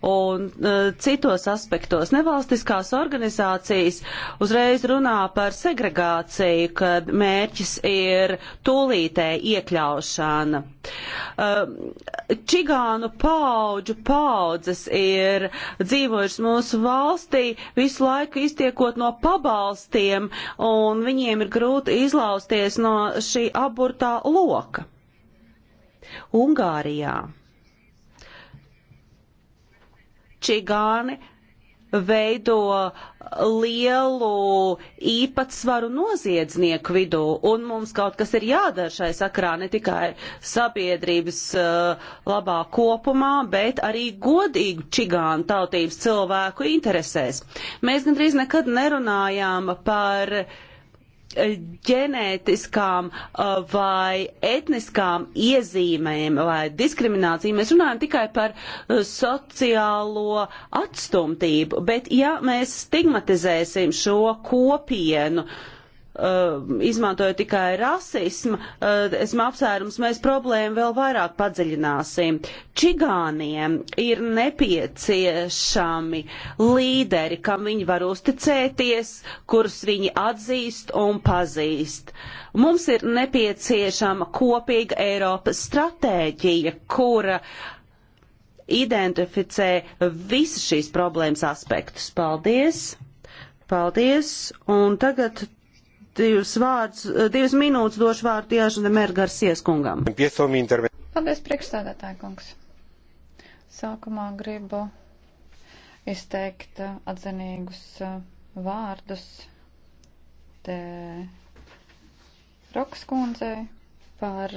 un uh, citos aspektos. Nevalstiskās organizācijas uzreiz runā par segregāciju, kad mērķis ir tūlītē iekļaušana. Uh, čigānu paudžu paudzes ir dzīvojušas mūsu valstī, visu laiku iztiekot no pabalstiem, un viņiem ir grūti izlausties no šī aburtā loka. Ungārijā čigāni veido lielu īpatsvaru noziedznieku vidū, un mums kaut kas ir jādara šai sakrā ne tikai sabiedrības uh, labā kopumā, bet arī godīgu čigānu tautības cilvēku interesēs. Mēs gandrīz nekad nerunājām par uh, Eh, ģenētiskām eh, vai etniskām iezīmēm vai diskrimināciju. Mēs runājam tikai par eh, sociālo atstumtību, bet ja mēs stigmatizēsim šo kopienu, uh, Uh, izmantoja tikai rasismu, uh, esmu apsvērums, mēs problēmu vēl vairāk padziļināsim. Čigāniem ir nepieciešami līderi, kam viņi var uzticēties, kurus viņi atzīst un pazīst. Mums ir nepieciešama kopīga Eiropas stratēģija, kura identificē visas šīs problēmas aspektus. Paldies! Paldies! Un tagad divas, vārds, eh, divas minūtes došu vārdu Jāžana Mergars ieskungam. Paldies, priekšstādātāji kungs. Sākumā gribu izteikt eh, atzinīgus eh, vārdus te Rokas kundzei par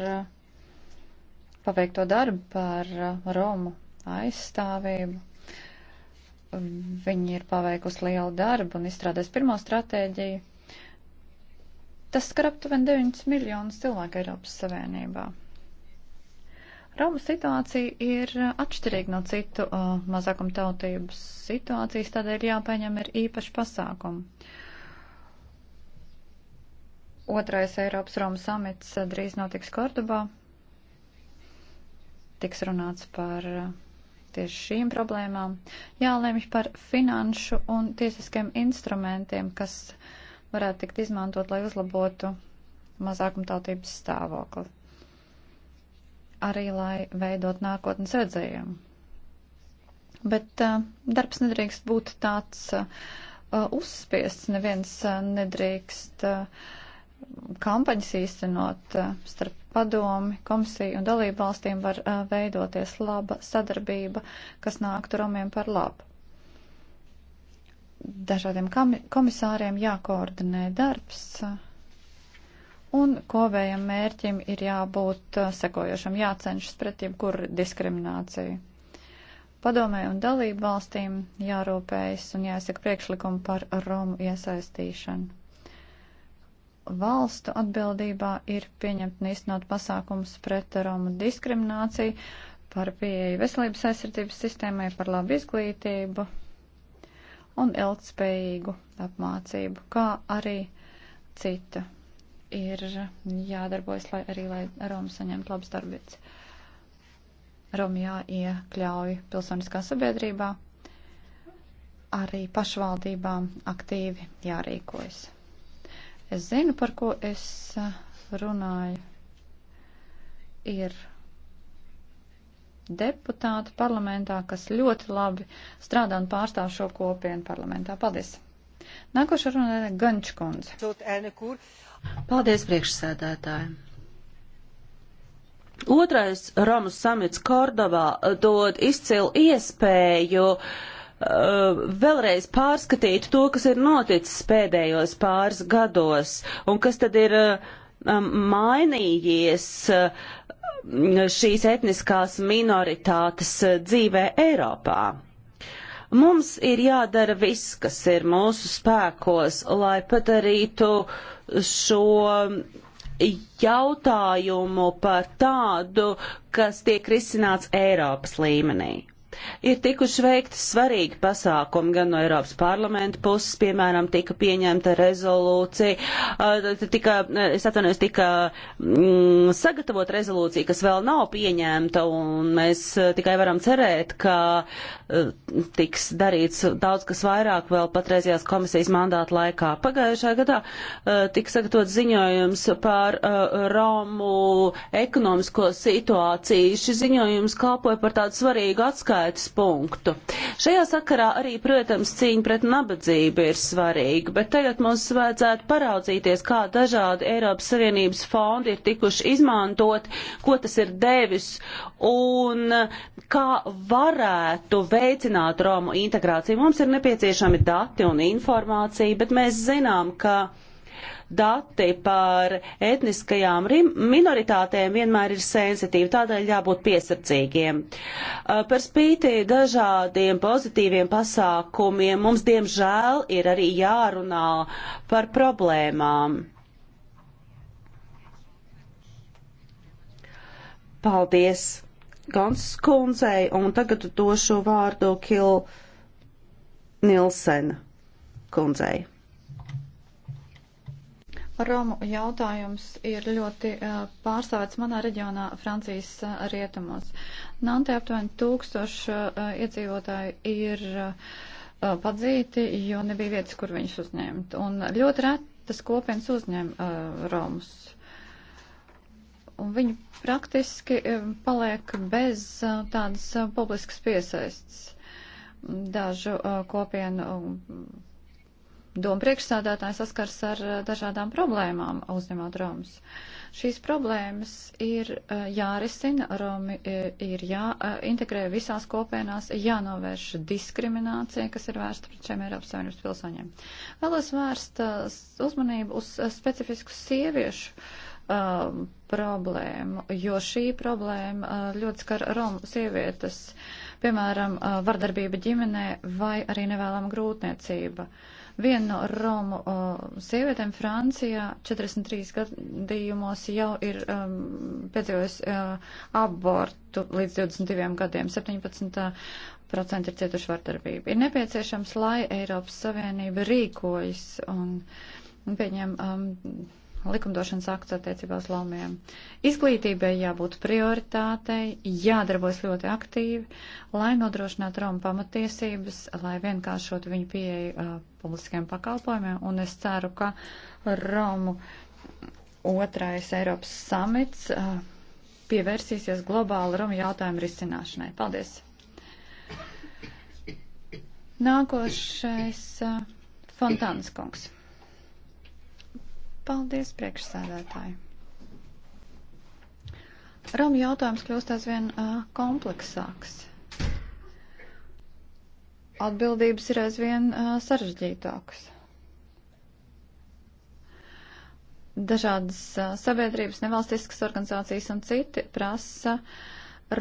paveikto darbu, par Romu aizstāvību. Viņi ir paveikusi lielu darbu un izstrādājis pirmo stratēģiju Tas skar aptuveni 9 miljonus cilvēku Eiropas Savienībā. Romas situācija ir atšķirīga no citu uh, mazākumtautības situācijas, tādēļ jāpaņem ir īpaši pasākumi. Otrais Eiropas Romas samits uh, drīz notiks Kordobā. Tiks runāts par uh, tieši šīm problēmām. Jālemj par finanšu un tiesiskiem instrumentiem, kas uh, varētu tikt izmantot, lai uzlabotu mazākumtautības stāvokli. Arī, lai veidot nākotnes redzējumu. Bet uh, darbs nedrīkst būt tāds uh, uh, uzspiests, neviens uh, nedrīkst uh, kampaņas īstenot uh, starp padomi, komisiju un dalību valstīm var uh, veidoties laba sadarbība, kas nāktu Romiem par labu dažādiem komisāriem jākoordinē darbs. Un kopējam mērķim ir jābūt uh, sekojošam, jācenšas pret jebkuru diskrimināciju. Padomē un dalību valstīm jārūpējas un jāsaka priekšlikumu par Romu iesaistīšanu valstu atbildībā ir pieņemt un īstenot pasākums pret Romu diskrimināciju, par pieeju veselības aizsardzības sistēmai, par labu izglītību, un ilgspējīgu apmācību, kā arī cita ir jādarbojas, lai arī lai Roma saņemtu labas darbības. Roma jāiekļauj pilsoniskā sabiedrībā, arī pašvaldībām aktīvi jārīkojas. Es zinu, par ko es runāju. Ir deputāti parlamentā, kas ļoti labi strādā un pārstāv šo kopienu parlamentā. Paldies! Nākošā runa ir Gančkundze. Paldies priekšsēdētājiem! Otrais Romas samits Kordovā dod izcilu iespēju uh, vēlreiz pārskatīt to, kas ir noticis pēdējos pāris gados, un kas tad ir uh, Um, mainījies uh, šīs etniskās minoritātes uh, dzīvē Eiropā. Mums ir jādara viss, kas ir mūsu spēkos, lai padarītu šo jautājumu par tādu, kas tiek risināts Eiropas līmenī. Ir tikuši veikti svarīgi pasākumi gan no Eiropas parlamenta puses, piemēram, tika pieņemta rezolūcija, uh, tika, es atvainojos, tika mm, sagatavot rezolūcija, kas vēl nav pieņemta, un mēs uh, tikai varam cerēt, ka uh, tiks darīts daudz kas vairāk vēl patreizajās komisijas mandāta laikā. Pagājušā gadā tika sagatavot ziņojums par Romu ekonomisko situāciju. Šis ziņojums kalpoja par tādu svarīgu atskaitu atskaites punktu. Šajā sakarā arī, protams, cīņa pret nabadzību ir svarīga, bet tagad mums vajadzētu paraudzīties, kā dažādi Eiropas Savienības fondi ir tikuši izmantot, ko tas ir devis un kā varētu veicināt Romu integrāciju. Mums ir nepieciešami dati un informācija, bet mēs zinām, ka dati par etniskajām minoritātēm vienmēr ir sensitīvi, tādēļ jābūt piesardzīgiem. Par spīti dažādiem pozitīviem pasākumiem mums diemžēl ir arī jārunā par problēmām. Paldies Gans kundzei, un tagad došu vārdu Kil Nilsen kundzei. Romu jautājums ir ļoti eh, pārstāvēts manā reģionā Francijas eh, rietumos. Nantē aptuveni tūkstoši eh, iedzīvotāji ir padzīti, jo nebija vietas, kur viņus uzņemt. Un ļoti retas kopienas uzņem Romus. Un viņi praktiski paliek bez tādas publiskas piesaistes. Dažu kopienu Doma priekšsādātāji saskars ar eh, dažādām problēmām uzņemot Romas. Šīs problēmas ir eh, jārisina, Romi eh, ir jāintegrē visās kopienās, jānovērš diskriminācija, kas ir vērsta pret šiem Eiropas Savienības pilsoņiem. Vēlos vērst uzmanību uz specifisku sieviešu uh, problēmu, jo šī problēma ļoti skar Romu sievietes, piemēram, vardarbība ģimenē vai arī nevēlama grūtniecība. Uh, Viena no Romu o, sievietēm Francijā 43 gadījumos jau ir um, piedzīvojusi uh, abortu līdz 22 gadiem. 17 procenti ir cietuši vardarbību. Ir nepieciešams, lai Eiropas Savienība rīkojas un pieņem. Um, likumdošanas akts attiecībā uz laumiem. Izglītībai jābūt prioritātei, jādarbojas ļoti aktīvi, lai nodrošinātu Romu pamatiesības, lai vienkāršotu viņu pieeju uh, publiskiem pakalpojumiem, un es ceru, ka Romu otrais Eiropas samits uh, pievērsīsies globāli Romu jautājumu risināšanai. Paldies! Nākošais uh, Fontānas kungs. Paldies, priekšsēdētāji. Roma jautājums kļūst aizvien uh, kompleksāks. Atbildības ir aizvien uh, sarežģītākas. Dažādas uh, sabiedrības, nevalstiskas organizācijas un citi prasa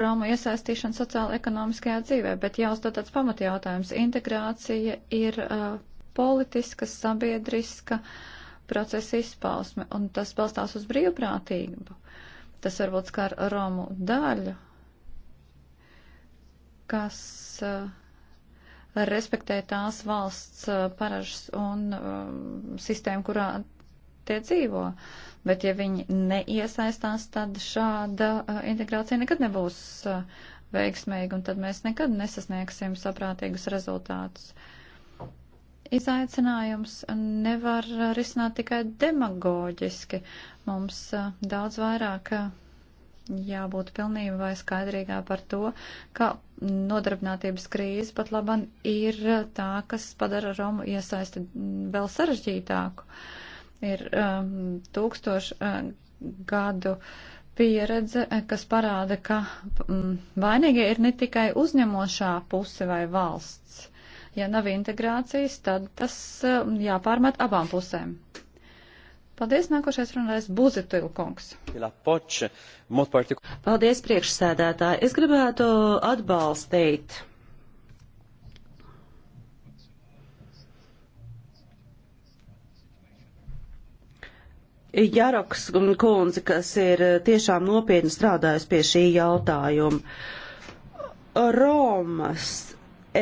Romu iesaistīšanu sociāla-ekonomiskajā dzīvē, bet jāuzdod tāds pamatjautājums. Integrācija ir uh, politiska, sabiedriska. Uh, procesa izpausme, un tas balstās uz brīvprātību. Tas varbūt skar Romu daļu, kas uh, respektē tās valsts uh, paražas un um, sistēmu, kurā tie dzīvo. Bet ja viņi neiesaistās, tad šāda uh, integrācija nekad nebūs uh, veiksmīga, un tad mēs nekad nesasniegsim saprātīgus rezultātus. Uh, izaicinājums nevar risināt tikai demagoģiski. Mums daudz vairāk jābūt pilnībā skaidrīgā par to, ka nodarbinātības krīze pat laban ir tā, kas padara Romu iesaisti vēl sarežģītāku. Ir um, tūkstoši uh, gadu pieredze, kas parāda, ka um, vainīgie ir ne tikai uzņemošā puse vai valsts Ja nav integrācijas, tad tas um, jāpārmet abām pusēm. Paldies, nākošais runājas Buzetilkungs. Paldies, priekšsēdētāji. Es gribētu atbalstīt Jaroks kundze, kas ir tiešām nopietni strādājusi pie šī jautājuma. Romas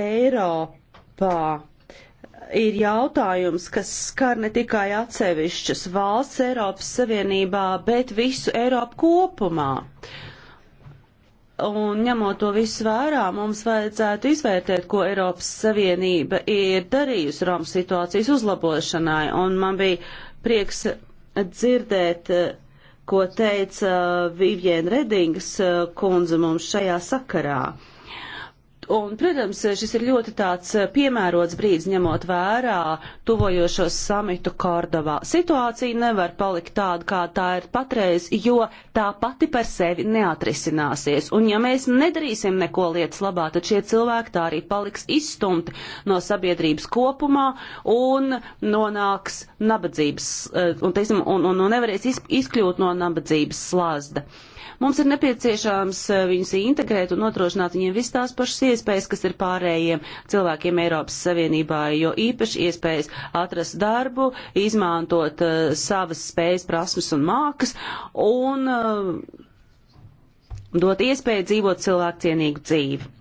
Eiropa Eiropā ir jautājums, kas skar ne tikai atsevišķas valsts Eiropas Savienībā, bet visu Eiropu kopumā. Un ņemot to visu vērā, mums vajadzētu izvērtēt, ko Eiropas Savienība ir darījusi Romas situācijas uzlabošanai. Un man bija prieks dzirdēt, ko teica Vivienne Redingas eh, kundze mums šajā sakarā. Uh, Un, protams, šis ir ļoti tāds eh, piemērots brīdis, ņemot vērā tuvojošos samitu Kordovā. Situācija nevar palikt tāda, kā tā ir patreiz, jo tā pati par sevi neatrisināsies. Un, ja mēs nedarīsim neko lietas labā, tad šie cilvēki tā arī paliks izstumti no sabiedrības kopumā un nonāks nabadzības, eh, un, teiksim, un, un, un nevarēs izkļūt no nabadzības slazda. Mums ir nepieciešams eh, viņus integrēt un nodrošināt viņiem visu tās pašas iespējas, kas ir pārējiem cilvēkiem Eiropas Savienībā, jo īpaši iespējas atrast darbu, izmantot uh, savas spējas, prasmes un mākas un uh, dot iespēju dzīvot cilvēku cienīgu dzīvi.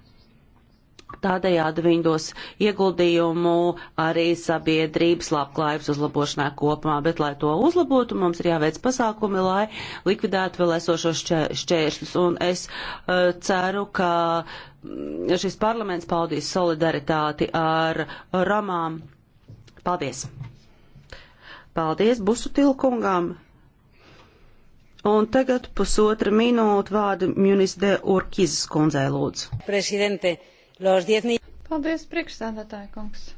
Tādējādi viņi dos ieguldījumu arī sabiedrības labklājības uzlabošanā kopumā, bet, lai to uzlabotu, mums ir jāveic pasākumi, lai likvidētu vēl esošos šķēršļus. Un es uh, ceru, ka mm, šis parlaments paudīs solidaritāti ar Romām. Paldies! Paldies Busu Tilkungam! Un tagad pusotra minūte vārdu Munis de Urkizes kundzei lūdzu. Presidente. Los diez... Paldies, priekšsēdētāja kungs.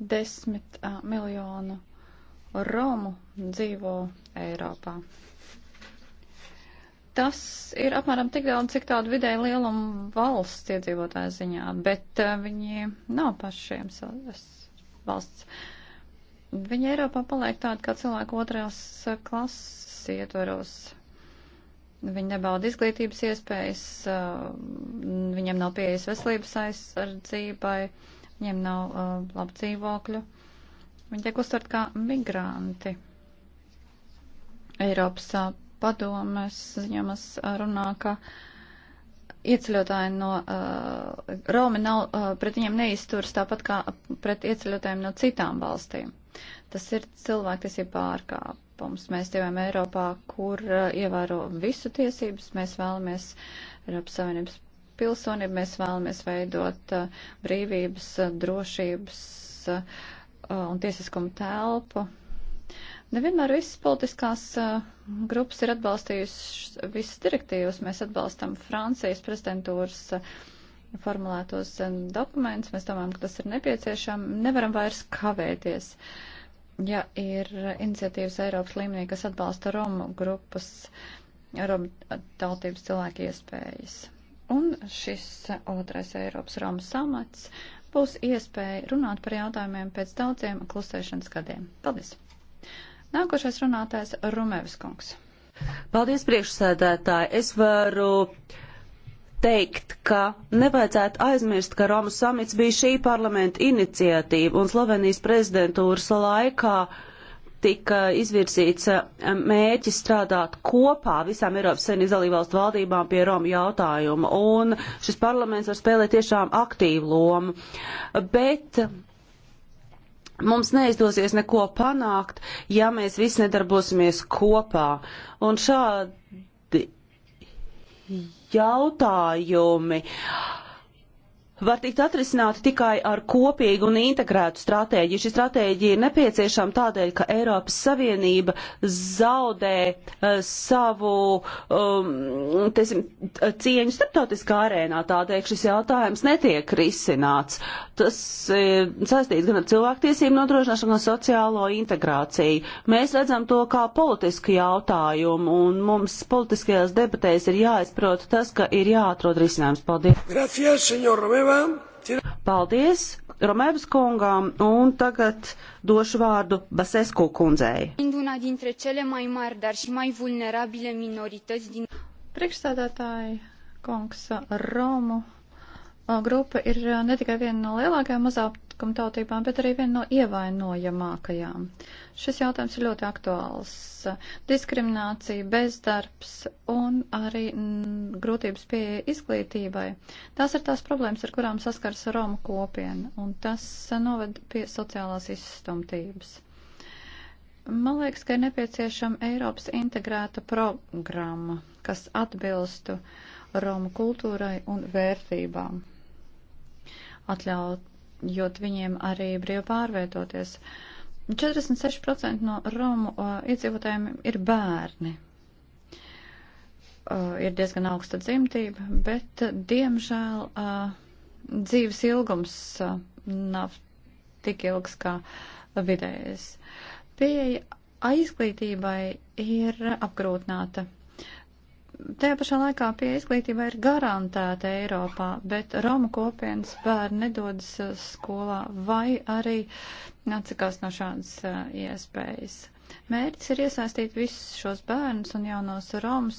Desmit uh, miljonu Romu dzīvo Eiropā. Tas ir apmēram tik daudz, cik tādu vidēju lielumu valsts iedzīvotāju ziņā, bet uh, viņi nav pašiem savas valsts. Viņi Eiropā paliek tādi kā cilvēku otrās klases ietvaros. Viņi nebauda izglītības iespējas, uh, viņiem nav pieejas veselības aizsardzībai, viņiem nav uh, labu dzīvokļu. Viņi tiek uztvert kā migranti. Eiropas uh, padomes ziņamas runā, ka ieceļotāji no uh, Romi nav, uh, pret viņiem neizturas tāpat kā pret ieceļotājiem no citām valstīm. Tas ir cilvēktiesība pārkāpums. Mēs dzīvojam Eiropā, kur uh, ievēro visu tiesības. Mēs vēlamies Eiropas Savienības pilsonību, mēs vēlamies veidot uh, brīvības, uh, drošības un tiesiskumu telpu. Nevienmēr visas politiskās grupas ir atbalstījušas visas direktīvas. Mēs atbalstam Francijas prezidentūras formulētos um, dokumentus. Mēs domājam, ka tas ir nepieciešams. Nevaram vairs kavēties. Ja ir iniciatīvas Eiropas līmenī, kas atbalsta Romu grupas, Romu tautības cilvēku iespējas. Un šis otrais Eiropas Romas samats būs iespēja runāt par jautājumiem pēc daudziem klusēšanas gadiem. Paldies! Nākošais runātājs Rumēvis kungs. Paldies, priekšsēdētāji! Es varu teikt, ka nevajadzētu aizmirst, ka Romas samits bija šī parlamenta iniciatīva un Slovenijas prezidentūras laikā tika izvirzīts eh, mēķis strādāt kopā visām Eiropas Savienības dalībvalstu valdībām pie Roma jautājuma, un šis parlaments var spēlēt tiešām aktīvu lomu. Bet mums neizdosies neko panākt, ja mēs visi nedarbosimies kopā. Un šādi jautājumi. Uh, var tikt atrisināti tikai ar kopīgu un integrētu stratēģiju. Šī stratēģija ir nepieciešama tādēļ, ka Eiropas Savienība zaudē uh, savu um, tiesim, cieņu starptautiskā arēnā, tādēļ šis jautājums netiek risināts. Tas ir eh, saistīts gan ar cilvēktiesību nodrošināšanu, gan sociālo integrāciju. Mēs redzam to kā politisku jautājumu, un mums politiskajās debatēs ir jāizprot tas, ka ir jāatrod risinājums. Paldies! Gracias, señor Romeva. Paldies Romēvas kungām un tagad došu vārdu Basesku kundzei. Priekšstādātāji, kungs, Romu grupa ir uh, ne tikai viena no lielākajām mazā mazākumtautībām, bet arī viena no ievainojamākajām. Šis jautājums ir ļoti aktuāls. Diskriminācija, bezdarbs un arī m, grūtības pieeja izglītībai. Tās ir tās problēmas, ar kurām saskars Roma kopiena, un tas noved pie sociālās izstumtības. Man liekas, ka ir nepieciešama Eiropas integrēta programma, kas atbilstu Romu kultūrai un vērtībām. Atļaut ļaujot viņiem arī brīvi pārvietoties. 46% no Romu uh, iedzīvotājiem ir bērni. Uh, ir diezgan augsta dzimtība, bet, uh, diemžēl, uh, dzīves ilgums uh, nav tik ilgs kā vidējais. Pieeja aizglītībai ir apgrūtināta Tajā pašā laikā pie izglītībai ir garantēta Eiropā, bet Roma kopienas bērni nedodas uh, skolā vai arī atsakās no šādas uh, iespējas. Mērķis ir iesaistīt visus šos bērnus un jaunos Romas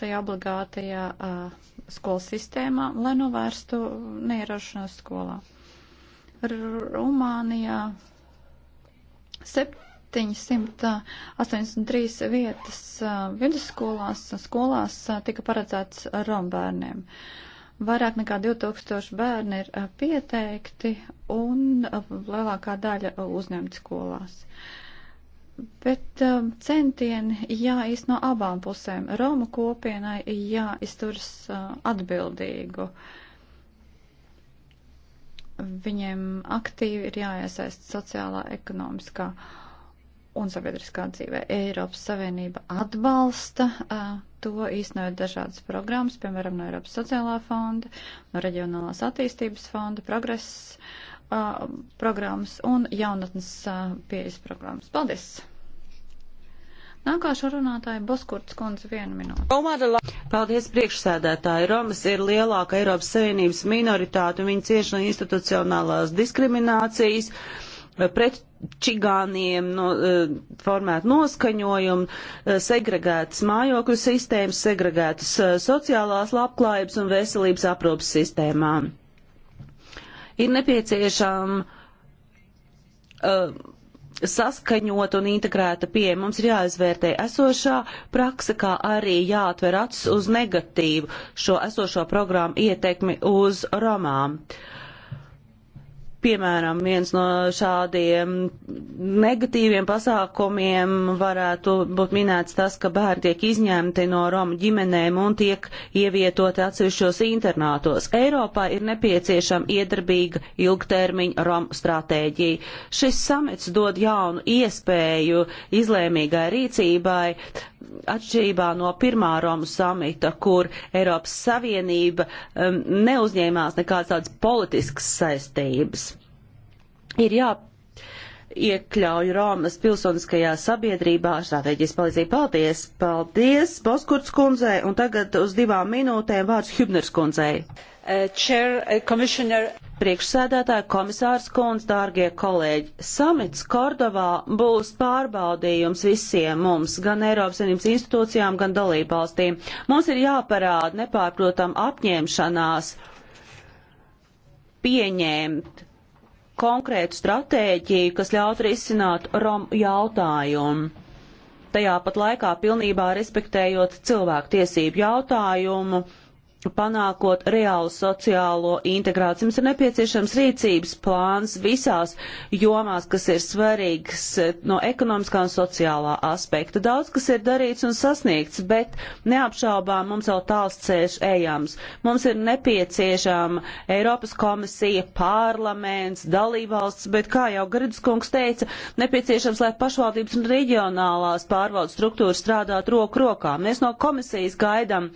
šajā obligātajā uh, skolas sistēmā, lai novērstu neierašanos skolā. R Rumānijā sept 783 vietas vidusskolās un skolās tika paredzēts Romu bērniem. Vairāk nekā 2000 bērni ir pieteikti un lielākā daļa uzņemti skolās. Bet centieni jāīst no abām pusēm. Romu kopienai jāizturas atbildīgu viņiem aktīvi ir jāiesaist sociālā, ekonomiskā un sabiedriskā dzīvē. Eiropas Savienība atbalsta uh, to īstenojot dažādas programmas, piemēram, no Eiropas sociālā fonda, no reģionālās attīstības fonda, progress uh, programmas un jaunatnes uh, pieejas programmas. Paldies! Nākošā runātāja Boskurts kundze vienu minūti. Paldies priekšsēdētāji. Romas ir lielāka Eiropas Savienības minoritāte un viņa cieši no institucionālās diskriminācijas. Uh, pret čigāniem no, e, formētu noskaņojumu, e, segregētas mājokļu sistēmas, segregētas e, sociālās labklājības un veselības aprūpas sistēmām. Ir nepieciešama uh, saskaņot un integrēta pieeja. Mums ir jāizvērtē esošā praksa, kā arī jāatver acis uz negatīvu šo esošo programmu ietekmi uz Romām. Uh, Piemēram, viens no šādiem negatīviem pasākumiem varētu būt minēts tas, ka bērni tiek izņemti no Romu ģimenēm un tiek ievietoti atsevišķos internātos. Eiropā ir nepieciešama iedarbīga ilgtermiņa Romu stratēģija. Šis samits dod jaunu iespēju izlēmīgai rīcībai, atšķirībā no pirmā Romu samita, kur Eiropas Savienība um, neuzņēmās nekādas tādas politiskas saistības ir jā iekļauju Romas pilsoniskajā sabiedrībā strateģijas palīdzību. Paldies! Paldies Boskurts kundzei! Un tagad uz divām minūtēm vārds Hübners kundzei. Uh, chair, uh, commissioner... Priekšsēdētāja komisārs kundz, dārgie kolēģi, samits Kordovā būs pārbaudījums visiem mums, gan Eiropas Savienības institūcijām, gan dalībvalstīm. Mums ir jāparāda nepārprotam apņemšanās pieņemt konkrētu stratēģiju, kas ļautu risināt Rom jautājumu. Tajā pat laikā pilnībā respektējot cilvēku tiesību jautājumu panākot reālu sociālo integrāciju. Mums ir nepieciešams rīcības plāns visās jomās, kas ir svarīgas e, no ekonomiskā un sociālā aspekta. Daudz, kas ir darīts un sasniegts, bet neapšaubām mums vēl tāls ceļš ejams. Mums ir nepieciešama Eiropas komisija, parlaments, dalībvalsts, bet, kā jau Griduskungs teica, nepieciešams, lai pašvaldības un reģionālās pārvaldes struktūras strādātu roku rokā. Mēs no komisijas gaidām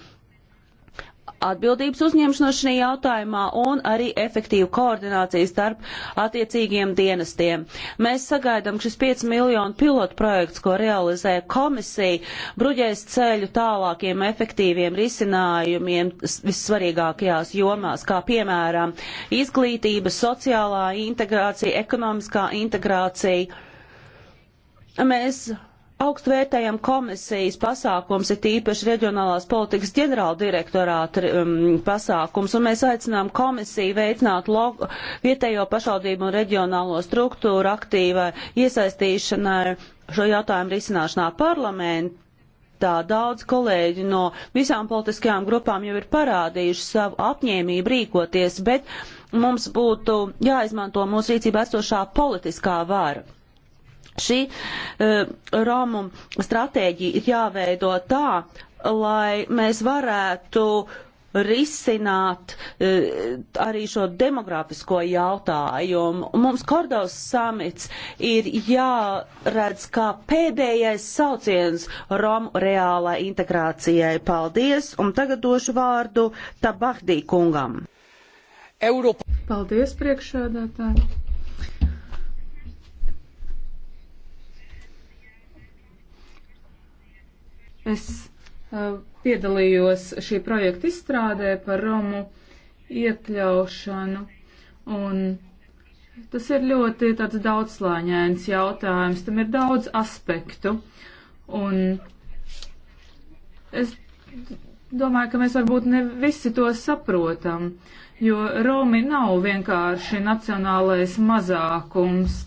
atbildības uzņemšanos šajā jautājumā un arī efektīvu koordināciju starp attiecīgiem dienestiem. Mēs sagaidām, ka šis 5 miljonu pilotu projekts, ko realizē komisija, bruģēs ceļu tālākiem efektīviem risinājumiem vissvarīgākajās jomās, kā piemēram izglītība, sociālā integrācija, ekonomiskā integrācija. Mēs Augstu vērtējam komisijas pasākums, ir īpaši reģionālās politikas ģenerāla direktorāta um, pasākums, un mēs aicinām komisiju veicināt lo, vietējo pašvaldību un reģionālo struktūru aktīvai iesaistīšanai šo jautājumu risināšanā parlamentā. Daudz kolēģi no visām politiskajām grupām jau ir parādījuši savu apņēmību rīkoties, bet mums būtu jāizmanto mūsu rīcībā esošā politiskā vara. Šī uh, Romu stratēģija ir jāveido tā, lai mēs varētu risināt uh, arī šo demografisko jautājumu. Mums Kordovas samits ir jāredz kā pēdējais sauciens Romu reālai integrācijai. Paldies, un tagad došu vārdu Tabahdī kungam. Europa. Paldies, priekšsēdētāji. Es uh, piedalījos šī projekta izstrādē par Romu iekļaušanu, un tas ir ļoti tāds daudzslāņains jautājums, tam ir daudz aspektu, un es domāju, ka mēs varbūt ne visi to saprotam, jo Romi nav vienkārši nacionālais mazākums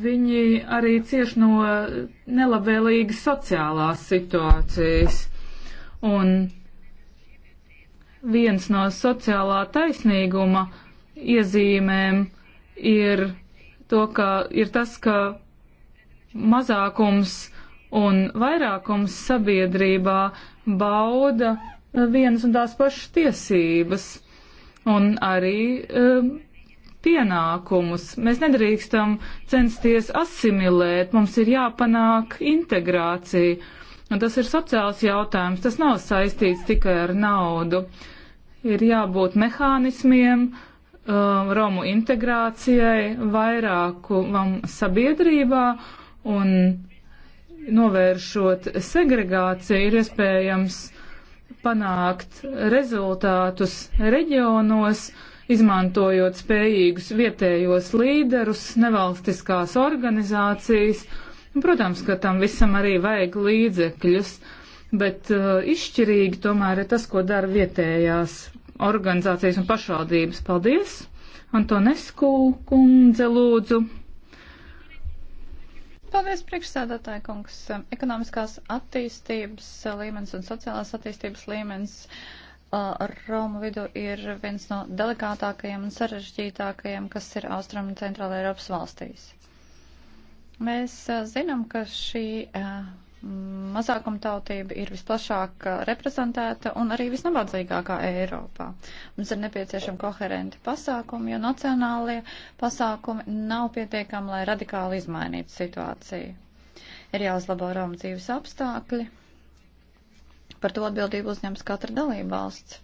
Viņi arī cieš no eh, nelabvēlīgas sociālās situācijas. Un viens no sociālā taisnīguma iezīmēm ir, to, ka, ir tas, ka mazākums un vairākums sabiedrībā bauda vienas un tās pašas tiesības un arī um, pienākumus. Mēs nedrīkstam censties asimilēt, mums ir jāpanāk integrācija. Un tas ir sociāls jautājums, tas nav saistīts tikai ar naudu. Ir jābūt mehānismiem, um, Romu integrācijai, vairākumam sabiedrībā un novēršot segregāciju ir iespējams panākt rezultātus reģionos, uh, izmantojot spējīgus vietējos līderus, nevalstiskās organizācijas. Un, protams, ka tam visam arī vajag līdzekļus, bet uh, izšķirīgi tomēr ir tas, ko dara vietējās organizācijas un pašvaldības. Paldies! Antonesku kundze lūdzu. Paldies, priekšsēdētāji kungs. Ekonomiskās attīstības līmenis un sociālās attīstības līmenis. Uh, Roma vidu ir viens no delikātākajiem un sarežģītākajiem, kas ir Austrum un Centrāla Eiropas valstīs. Mēs zinām, ka šī mazākuma tautība ir visplašāk reprezentēta un arī visnabadzīgākā Eiropā. Mums ir nepieciešami koherenti pasākumi, jo nacionālie pasākumi nav pietiekami, lai radikāli izmainītu situāciju. Ir jāuzlabo Roma dzīves apstākļi par to atbildību uzņems katra dalībvalsts.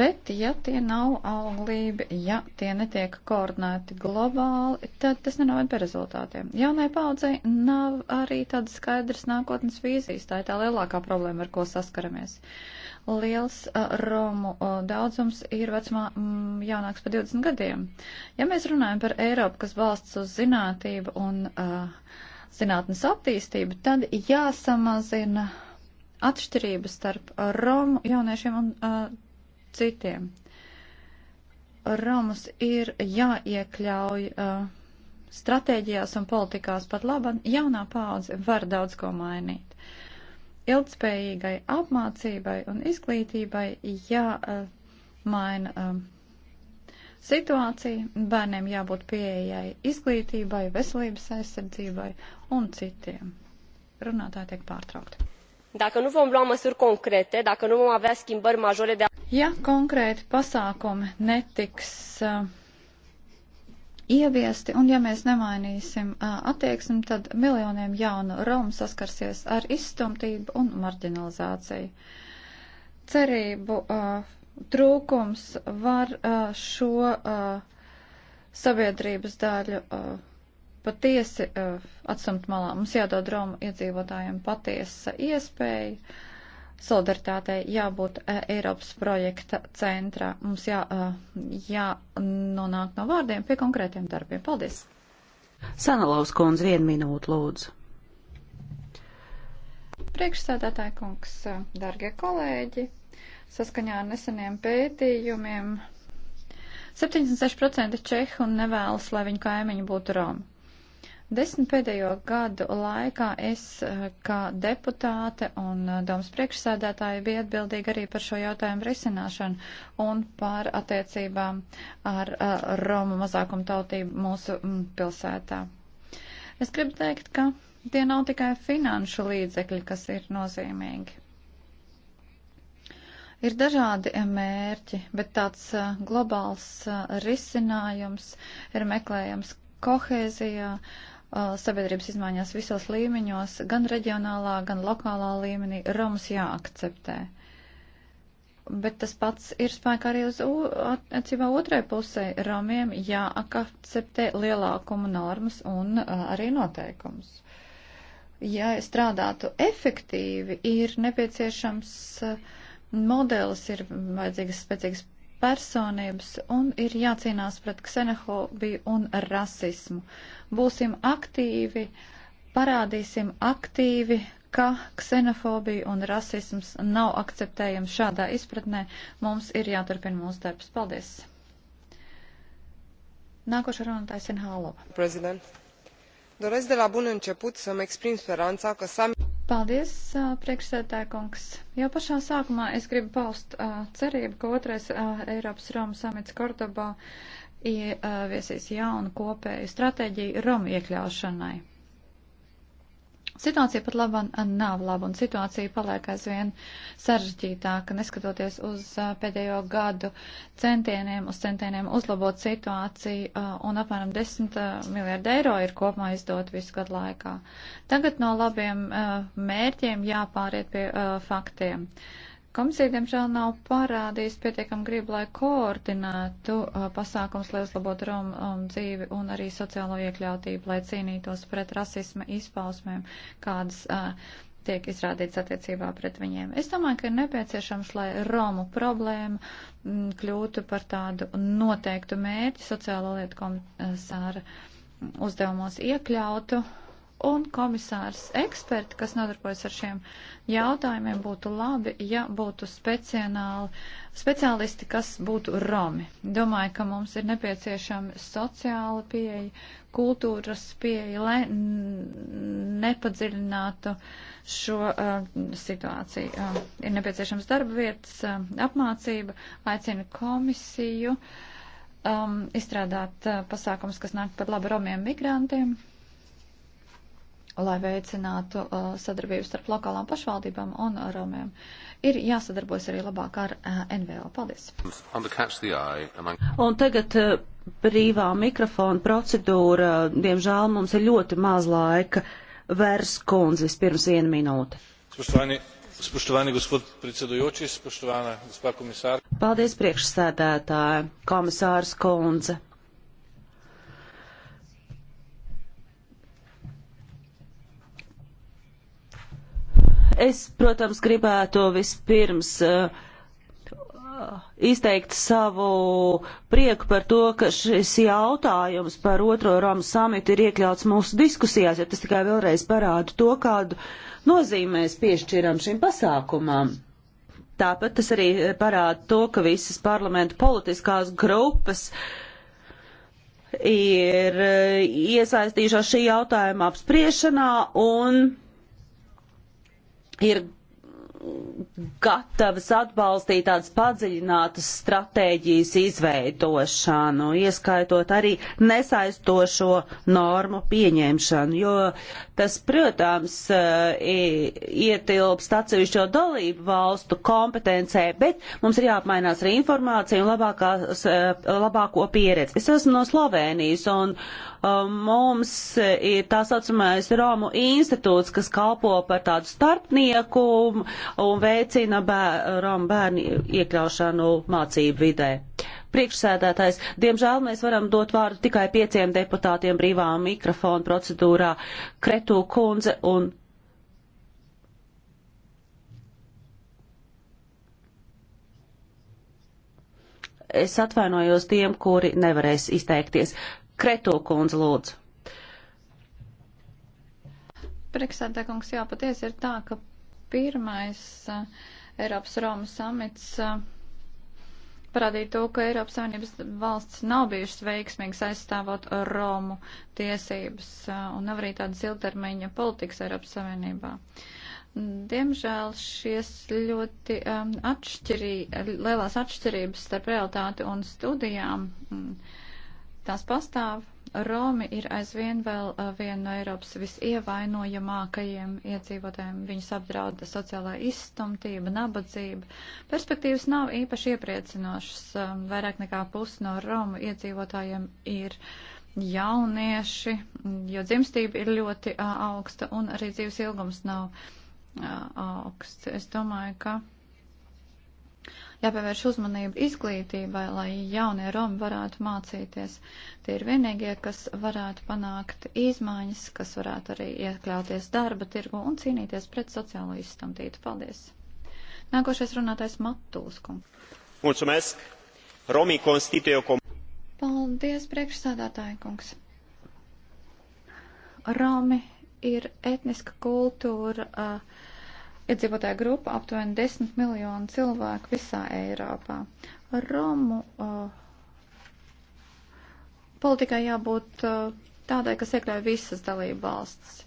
Bet, ja tie nav auglība, ja tie netiek koordinēti globāli, tad tas nenovad pie rezultātiem. Jaunai paudzei nav arī tādas skaidras nākotnes vīzijas. Tā ir tā lielākā problēma, ar ko saskaramies. Liels uh, romu uh, daudzums ir vecumā mm, jaunāks par 20 gadiem. Ja mēs runājam par Eiropu, kas balsts uz zinātību un uh, zinātnes attīstību, tad jāsamazina. Uh, atšķirības starp Romu jauniešiem un uh, citiem. Romus ir jāiekļauj uh, stratēģijās un politikās pat labam, jaunā paudze var daudz ko mainīt. Ilgspējīgai apmācībai un izglītībai jāmaina uh, uh, situācija, bērniem jābūt pieejai izglītībai, veselības aizsardzībai un citiem. Runātāji tiek pārtraukti dacă nu vom lua măsuri concrete dacă nu vom avea schimbări majore de. ja konkrēti pasākumi netiks uh, ieviesti un ja mēs nemainīsim uh, attieksmi, tad miljoniem jaunu Romu saskarsies ar izstumtību un marginalizāciju. Cerību uh, trūkums var uh, šo uh, sabiedrības daļu. Uh, patiesi uh, atstumt malā. Mums jādod Roma iedzīvotājiem patiesa iespēja. Solidaritātei jābūt uh, Eiropas projekta centrā. Mums jā, uh, jānonāk no vārdiem pie konkrētiem darbiem. Paldies! Sanalaus kundze, vienu minūtu lūdzu. Priekšsēdētāja kungs, dargie kolēģi, saskaņā ar neseniem pētījumiem 76% čehu nevēlas, lai viņu kaimiņi būtu Romi. Desmit pēdējo gadu laikā es eh, kā deputāte un eh, domas priekšsēdētāja bija atbildīga arī par šo jautājumu risināšanu un par attiecībām ar eh, Romu mazākumu tautību mūsu mm, pilsētā. Es gribu teikt, ka tie nav tikai finanšu līdzekļi, kas ir nozīmīgi. Ir dažādi mērķi, bet tāds globāls risinājums ir meklējams kohēzijā, uh, Uh, sabiedrības izmaiņās visos līmeņos, gan reģionālā, gan lokālā līmenī, Romas jāakceptē. Bet tas pats ir spēkā arī uz attiecībā otrai pusē. Romiem jāakceptē lielākumu normas un uh, arī noteikums. Ja strādātu efektīvi, ir nepieciešams uh, modelis, ir vajadzīgas spēcīgas personības un ir jācīnās pret ksenofobiju un rasismu. Būsim aktīvi, parādīsim aktīvi, ka ksenofobija un rasisms nav akceptējams šādā izpratnē. Mums ir jāturpina mūsu darbs. Paldies! Nākošais runātājs ir Hālova. Prezident, doresc de la bun început să-mi exprim speranța că summit Paldies, priekšsētāja kungs. Jau pašā sākumā es gribu paust uh, cerību, ka otrais uh, Eiropas Romas samits Kordobā ieviesīs jaunu kopēju stratēģiju Romu iekļaušanai. Situācija pat laba nav laba, un situācija paliek aizvien sarežģītāka, neskatoties uz pēdējo gadu centieniem, uz centieniem uzlabot situāciju, un apmēram 10 miljārdi eiro ir kopumā izdot visu gadu laikā. Tagad no labiem mērķiem jāpāriet pie faktiem. Uh, Komisija, diemžēl, nav parādījis pietiekam gribu, lai koordinētu uh, pasākums, lai uzlabotu Romu um, dzīvi un arī sociālo iekļautību, lai cīnītos pret rasisma izpausmēm, kādas uh, tiek izrādīts attiecībā pret viņiem. Es domāju, ka ir nepieciešams, lai Romu problēma m, mm, kļūtu par tādu noteiktu mērķi sociālo lietu komisāra uzdevumos iekļautu. Uh, un komisārs eksperti, kas nodarbojas ar šiem jautājumiem, būtu labi, ja būtu speciālisti, kas būtu romi. Domāju, ka mums ir nepieciešama sociāla pieeja, kultūras pieeja, lai nepadziļinātu šo uh, situāciju. Uh, ir nepieciešams darba vietas, uh, apmācība, aicina komisiju um, izstrādāt uh, pasākums, kas nāk par labu romiem migrantiem lai veicinātu uh, sadarbību starp lokālām pašvaldībām un romiem. Ir jāsadarbojas arī labāk ar uh, NVO. Paldies! Un tagad uh, brīvā mikrofona procedūra. Diemžēl mums ir ļoti maz laika. Vērs kundzes pirms viena minūte. Spuštvani, spuštvani, gospod predsedujoči, spuštvana, gospod komisāra. Paldies priekšsēdētāja, komisārs kundze. Es, protams, gribētu vispirms uh, izteikt savu prieku par to, ka šis jautājums par otro Romas samitu ir iekļauts mūsu diskusijās, jo ja tas tikai vēlreiz parāda to, kādu nozīmi mēs piešķiram šim pasākumam. Tāpat tas arī parāda to, ka visas parlamentu politiskās grupas ir eh, iesaistījušās šī jautājuma apspriešanā un ir gatavas atbalstīt tādas padziļinātas stratēģijas izveidošanu, ieskaitot arī nesaistošo normu pieņemšanu, jo tas, protams, ietilpst atsevišķo dalību valstu kompetencē, bet mums ir jāapmainās arī informācija un labākās, e, labāko pieredzi. Es esmu no Slovenijas un, Um, mums ir tā saucamais Romu institūts, kas kalpo par tādu starpnieku un veicina bēr, Romu bērnu iekļaušanu mācību vidē. Priekšsēdētājs, diemžēl mēs varam dot vārdu tikai pieciem deputātiem brīvā mikrofona procedūrā - Kretu kundze un es atvainojos tiem, kuri nevarēs izteikties. Kreto kundze lūdzu. Priekšsēdētājs, jā, patiesi ir tā, ka pirmais uh, Eiropas Romas samits uh, parādīja to, ka Eiropas Savienības valsts nav bijušas veiksmīgas aizstāvot Romu tiesības uh, un nav arī tādas ilgtermiņa politikas Eiropas Savienībā. Diemžēl šies ļoti um, atšķirī, lielās atšķirības starp realitāti un studijām. Um, mm, Tās pastāv. Romi ir aizvien vēl viena no Eiropas visievainojamākajiem iedzīvotājiem. Viņus apdrauda sociālā izstumtība, nabadzība. Perspektīvas nav īpaši iepriecinošas. Vairāk nekā pusi no Romu iedzīvotājiem ir jaunieši, jo dzimstība ir ļoti augsta un arī dzīves ilgums nav augsts. Es domāju, ka jāpievērš uzmanība izglītībai, lai jaunie Romi varētu mācīties. Tie ir vienīgie, kas varētu panākt izmaiņas, kas varētu arī iekļauties darba tirgu un cīnīties pret sociālo izstamtību. Paldies! Nākošais runātais Matūskum. Mulțumesc! Romii constituie o Paldies, priekšsādātāji kungs! Romi ir etniska kultūra. Uh, Iedzīvotāja grupa aptuveni 10 miljonu cilvēku visā Eiropā. Romu uh, politikai jābūt uh, tādai, kas iekļauj visas dalību valstis.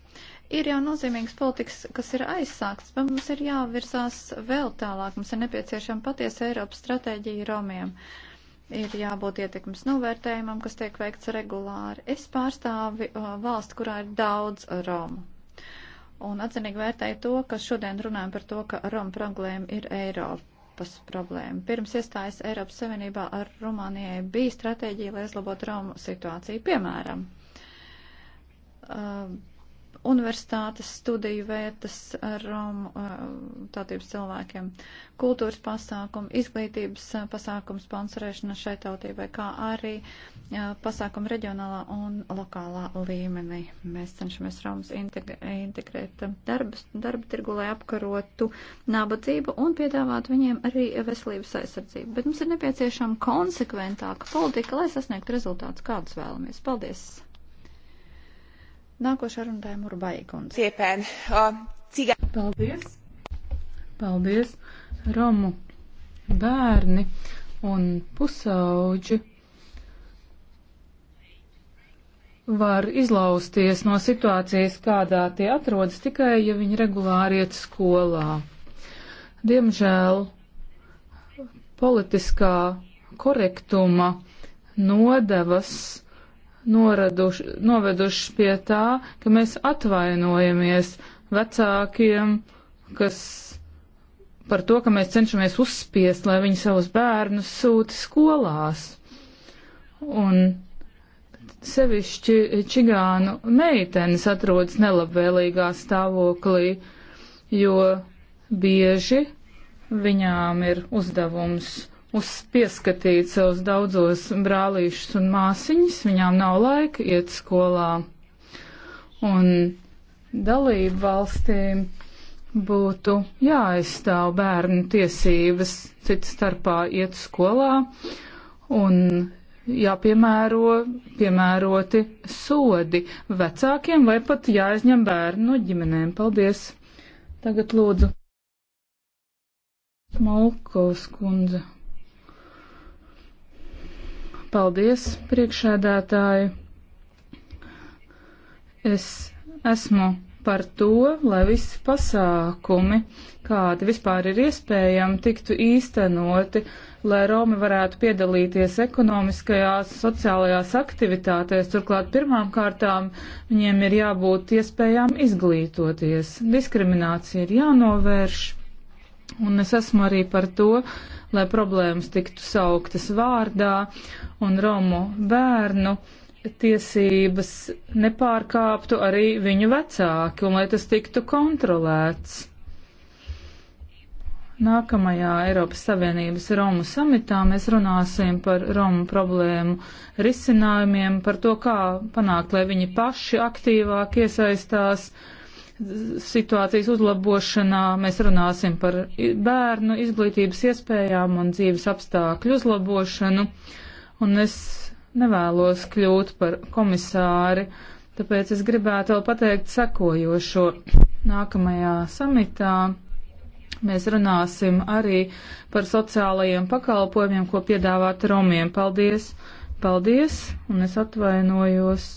Ir jau nozīmīgs politikas, kas ir aizsākts, bet mums ir jāvirzās vēl tālāk. Mums ir nepieciešama patiesa Eiropas stratēģija Romiem. Uh, ir jābūt ietekmes novērtējumam, kas tiek veikts regulāri. Es pārstāvi uh, valsti, kurā ir daudz Romu. Un atzinīgi vērtēju to, ka šodien runājam par to, ka Roma problēma ir Eiropas problēma. Pirms iestājas Eiropas Savienībā ar Rumānijai bija stratēģija, lai uzlabotu Romu situāciju. Piemēram, uh, universitātes studiju vietas Romu eh, tautības cilvēkiem, kultūras pasākumu, izglītības eh, pasākumu sponsorēšana šai tautībai, kā arī eh, pasākumu reģionālā un lokālā līmenī. Mēs cenšamies Romas integrēt darbas, darba tirgu, lai apkarotu nabadzību un piedāvātu viņiem arī veselības aizsardzību. Bet mums ir nepieciešama konsekventāka politika, lai sasniegtu rezultātus, kādus vēlamies. Paldies! Nākošā runātāja Murbai Kundze. Ciepēn. Cigā. Paldies. Paldies. Romu bērni un pusauģi var izlausties no situācijas, kādā tie atrodas, tikai ja viņi regulāri iet skolā. Diemžēl politiskā korektuma nodevas noraduši, noveduši pie tā, ka mēs atvainojamies vecākiem, kas par to, ka mēs cenšamies uzspiest, lai viņi savus bērnus sūta skolās. Un sevišķi čigānu meitenes atrodas nelabvēlīgā stāvoklī, jo bieži viņām ir uzdevums uz pieskatīt savus daudzos brālīšus un māsiņas, viņām nav laika iet skolā. Un dalību valstīm būtu jāaizstāv bērnu tiesības citas starpā iet skolā un jāpiemēro piemēroti sodi vecākiem vai pat jāizņem bērnu no ģimenēm. Paldies! Tagad lūdzu. Malkovs kundze paldies, priekšēdētāji. Es esmu par to, lai visi pasākumi, kādi vispār ir iespējami, tiktu īstenoti, lai Romi varētu piedalīties ekonomiskajās, sociālajās aktivitātēs. Turklāt pirmām kārtām viņiem ir jābūt iespējām izglītoties. Diskriminācija ir jānovērš. Un es esmu arī par to, lai problēmas tiktu sauktas vārdā un Romu bērnu tiesības nepārkāptu arī viņu vecāki un lai tas tiktu kontrolēts. Nākamajā Eiropas Savienības Romu samitā mēs runāsim par Romu problēmu risinājumiem, par to, kā panākt, lai viņi paši aktīvāk iesaistās uh, situācijas uzlabošanā, mēs runāsim par bērnu izglītības iespējām un dzīves apstākļu uzlabošanu, un es nevēlos kļūt par komisāri, tāpēc es gribētu vēl pateikt sekojošo. Nākamajā samitā mēs runāsim arī par sociālajiem pakalpojumiem, ko piedāvāt romiem. Paldies! Paldies! Un es atvainojos,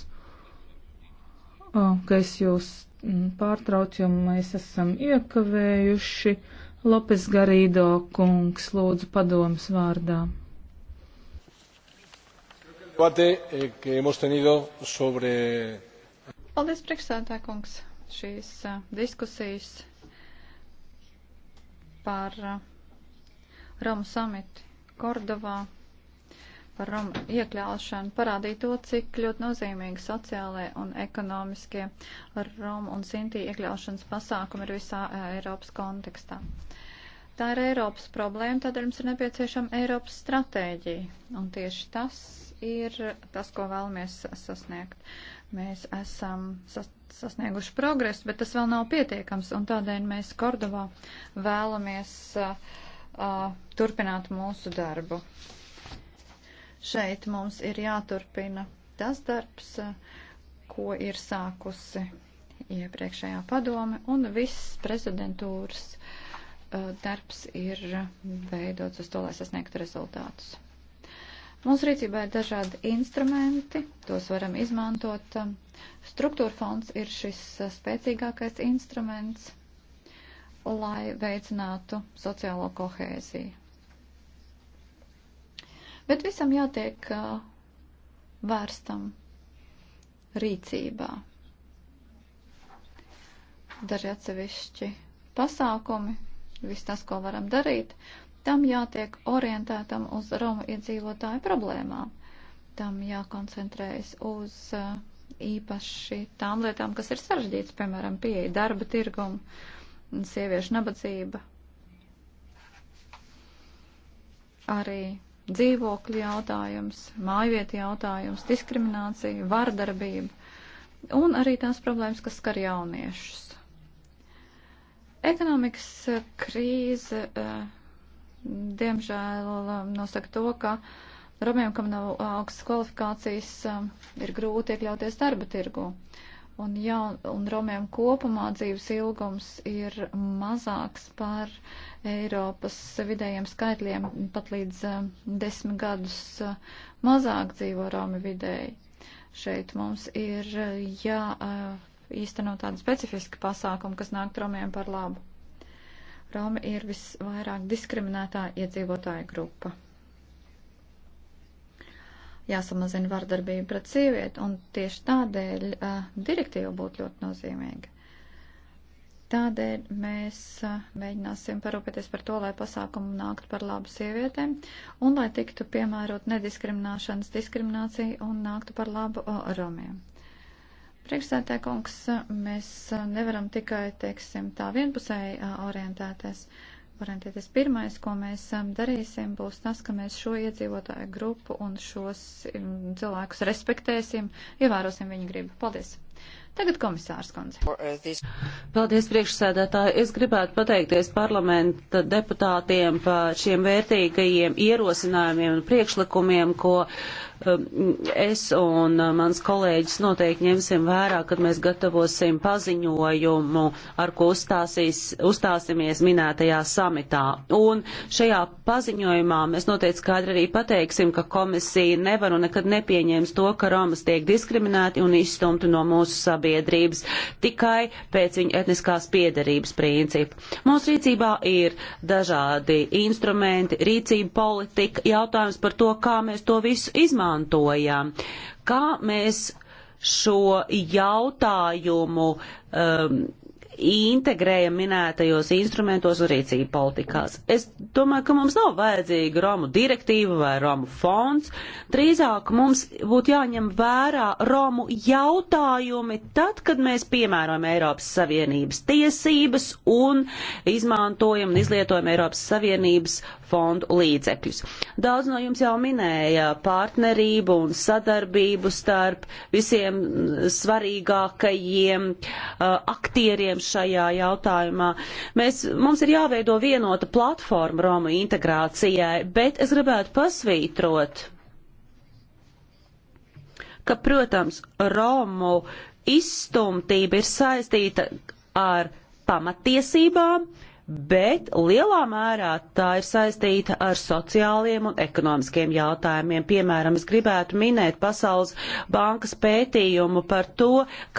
oh, ka es jūs Mm, pārtraucumu mēs esam iekavējuši. Lopes Garīdo kungs lūdzu padomas vārdā. Eh, Paldies, priekšsēdētāj kungs, šīs eh, diskusijas par eh, Romu samitu Kordovā par Romu iekļaušanu parādīja to, cik ļoti nozīmīgi sociālai un ekonomiskie Romu un Sintī iekļaušanas pasākumi ir visā Eiropas kontekstā. Tā ir Eiropas problēma, tādēļ mums ir nepieciešama Eiropas stratēģija. Un tieši tas ir tas, ko vēlamies sasniegt. Mēs esam sas sasnieguši progresu, bet tas vēl nav pietiekams, un tādēļ mēs Kordovā vēlamies uh, uh, turpināt mūsu darbu. Šeit mums ir jāturpina tas darbs, ko ir sākusi iepriekšējā padome, un viss prezidentūras uh, darbs ir veidots uz to, lai sasniegtu rezultātus. Mūsu rīcībā ir dažādi instrumenti, tos varam izmantot. Struktūra fonds ir šis uh, spēcīgākais instruments, lai veicinātu sociālo kohēziju. Bet visam jātiek vērstam rīcībā. Daži atsevišķi pasākumi, viss tas, ko varam darīt, tam jātiek orientētam uz Romu iedzīvotāju problēmām. Tam jākoncentrējas uz īpaši tām lietām, kas ir sarežģītas, piemēram, pieeja darba tirgumu, sieviešu nabadzība, arī dzīvokļu jautājums, mājvietu jautājums, diskriminācija, vardarbība un arī tās problēmas, kas skar jauniešus. Ekonomikas krīze, eh, diemžēl, nosaka to, ka romiem, kam nav augstas kvalifikācijas, eh, ir grūti iekļauties darba tirgu un, jaun, un romiem kopumā dzīves ilgums ir mazāks par Eiropas vidējiem skaitļiem, pat līdz uh, desmit gadus uh, mazāk dzīvo romi vidēji. Šeit mums ir uh, jā īstenot tādi specifiski pasākumi, kas nāk romiem par labu. Romi ir visvairāk diskriminētā iedzīvotāja grupa jāsamazina vardarbība pret sievieti, un tieši tādēļ uh, direktīva būtu ļoti nozīmīga. Tādēļ mēs uh, mēģināsim parūpēties par to, lai pasākumu nāktu par labu sievietēm un lai tiktu piemērot nediskrimināšanas diskriminācija un nāktu par labu uh, romiem. Priekšsētē kungs, mēs nevaram tikai, teiksim, tā vienpusēji orientēties. Uh, orientēties. Pirmais, ko mēs um, darīsim, būs tas, ka mēs šo iedzīvotāju grupu un šos um, cilvēkus respektēsim, ievērosim viņu gribu. Paldies! Tagad komisārs kundze. Paldies, priekšsēdētāji. Es gribētu pateikties parlamenta deputātiem par šiem vērtīgajiem ierosinājumiem un priekšlikumiem, ko um, es un uh, mans kolēģis noteikti ņemsim vērā, kad mēs gatavosim paziņojumu, ar ko uzstāsīs, uzstāsimies minētajā samitā. Un šajā paziņojumā mēs noteikti skaidri arī pateiksim, ka komisija nevar un nekad nepieņems to, ka Romas tiek diskriminēti un izstumti no mūsu sabiedrības sabiedrības tikai pēc viņu etniskās piedarības principa. Mūsu rīcībā ir dažādi instrumenti, rīcība politika, jautājums par to, kā mēs to visu izmantojam, kā mēs šo jautājumu um, integrējam minētajos instrumentos un rīcību politikās. Es domāju, ka mums nav vajadzīga Romu direktīva vai Romu fonds. Drīzāk mums būtu jāņem vērā Romu jautājumi tad, kad mēs piemērojam Eiropas Savienības tiesības un izmantojam un izlietojam Eiropas Savienības fondu līdzekļus. Daudz no jums jau minēja partnerību un sadarbību starp visiem svarīgākajiem uh, aktieriem šajā jautājumā. Mēs, mums ir jāveido vienota platforma Romu integrācijai, bet es gribētu pasvītrot, ka, protams, Romu izstumtība ir saistīta ar pamatiesībām, uh, bet lielā mērā tā ir saistīta ar sociāliem un ekonomiskiem jautājumiem. Piemēram, es gribētu minēt Pasaules bankas pētījumu par to,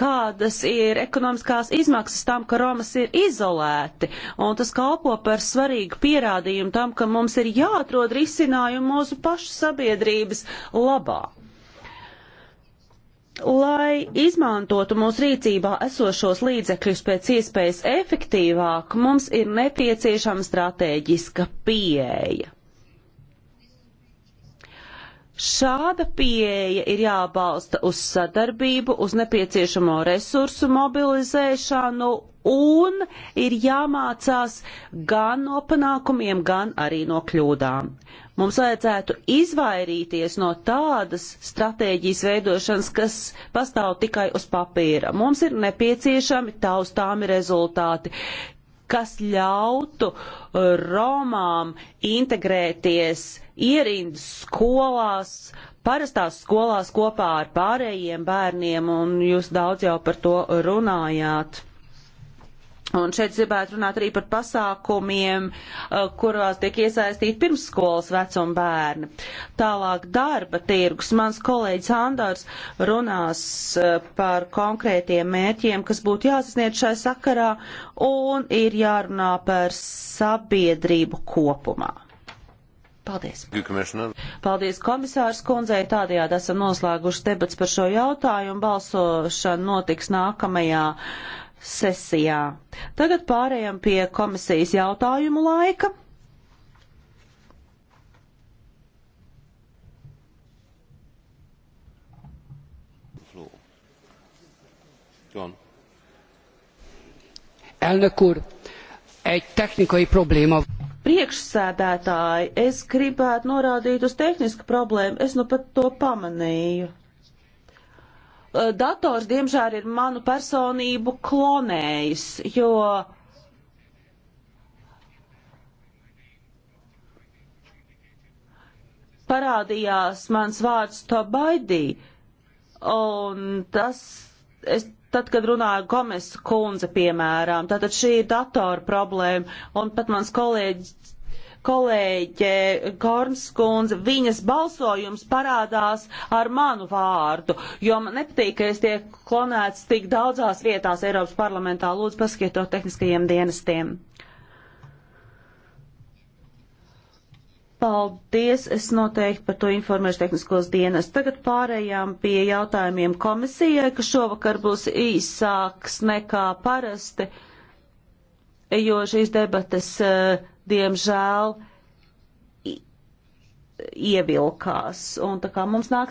kādas ir ekonomiskās izmaksas tam, ka Romas ir izolēti, un tas kalpo par svarīgu pierādījumu tam, ka mums ir jāatrod risinājumu mūsu pašu sabiedrības labā lai izmantotu mūsu rīcībā esošos līdzekļus pēc iespējas efektīvāk, mums ir nepieciešama stratēģiska pieeja. Šāda pieeja ir jābalsta uz sadarbību, uz nepieciešamo resursu mobilizēšanu un ir jāmācās gan no panākumiem, gan arī no kļūdām. Mums vajadzētu izvairīties no tādas stratēģijas veidošanas, kas pastāv tikai uz papīra. Mums ir nepieciešami taustāmi rezultāti, kas ļautu uh, Romām integrēties ierindas skolās, parastās skolās kopā ar pārējiem bērniem, un jūs daudz jau par to runājāt. Un šeit gribētu runāt arī par pasākumiem, uh, kurās tiek iesaistīti pirmsskolas vecuma bērni. Tālāk darba tirgus. Mans kolēģis Andārs runās uh, par konkrētiem mērķiem, kas būtu jāsasniedz šai sakarā, un ir jārunā par sabiedrību kopumā. Paldies. Paldies komisārs kundzei. Tādējādi esam noslēguši debats par šo jautājumu. Balsošana notiks nākamajā sesijā. Tagad pārējām pie komisijas jautājumu laika. Elnök úr, egy technikai probléma. Priekšsēdētāji, es gribētu norādīt uz tehnisku problēmu. Es nu pat to pamanīju. Eh, dators, diemžēl, ir manu personību klonējis, jo parādījās mans vārds to baidī. Un tas, es, tad, kad runāju Gomes kundze, piemēram, tātad šī ir datora problēma, un pat mans kolēģis kolēģe Kornskundze, viņas balsojums parādās ar manu vārdu, jo man nepatīk, ka es tiek klonēts tik daudzās vietās Eiropas parlamentā. Lūdzu, pasakiet to tehniskajiem dienestiem. Paldies, es noteikti par to informēšu tehniskos dienas. Tagad pārējām pie jautājumiem komisijai, ka šovakar būs īsāks nekā parasti, jo šīs debates uh, diemžēl ievilkās. Un tā kā mums nāk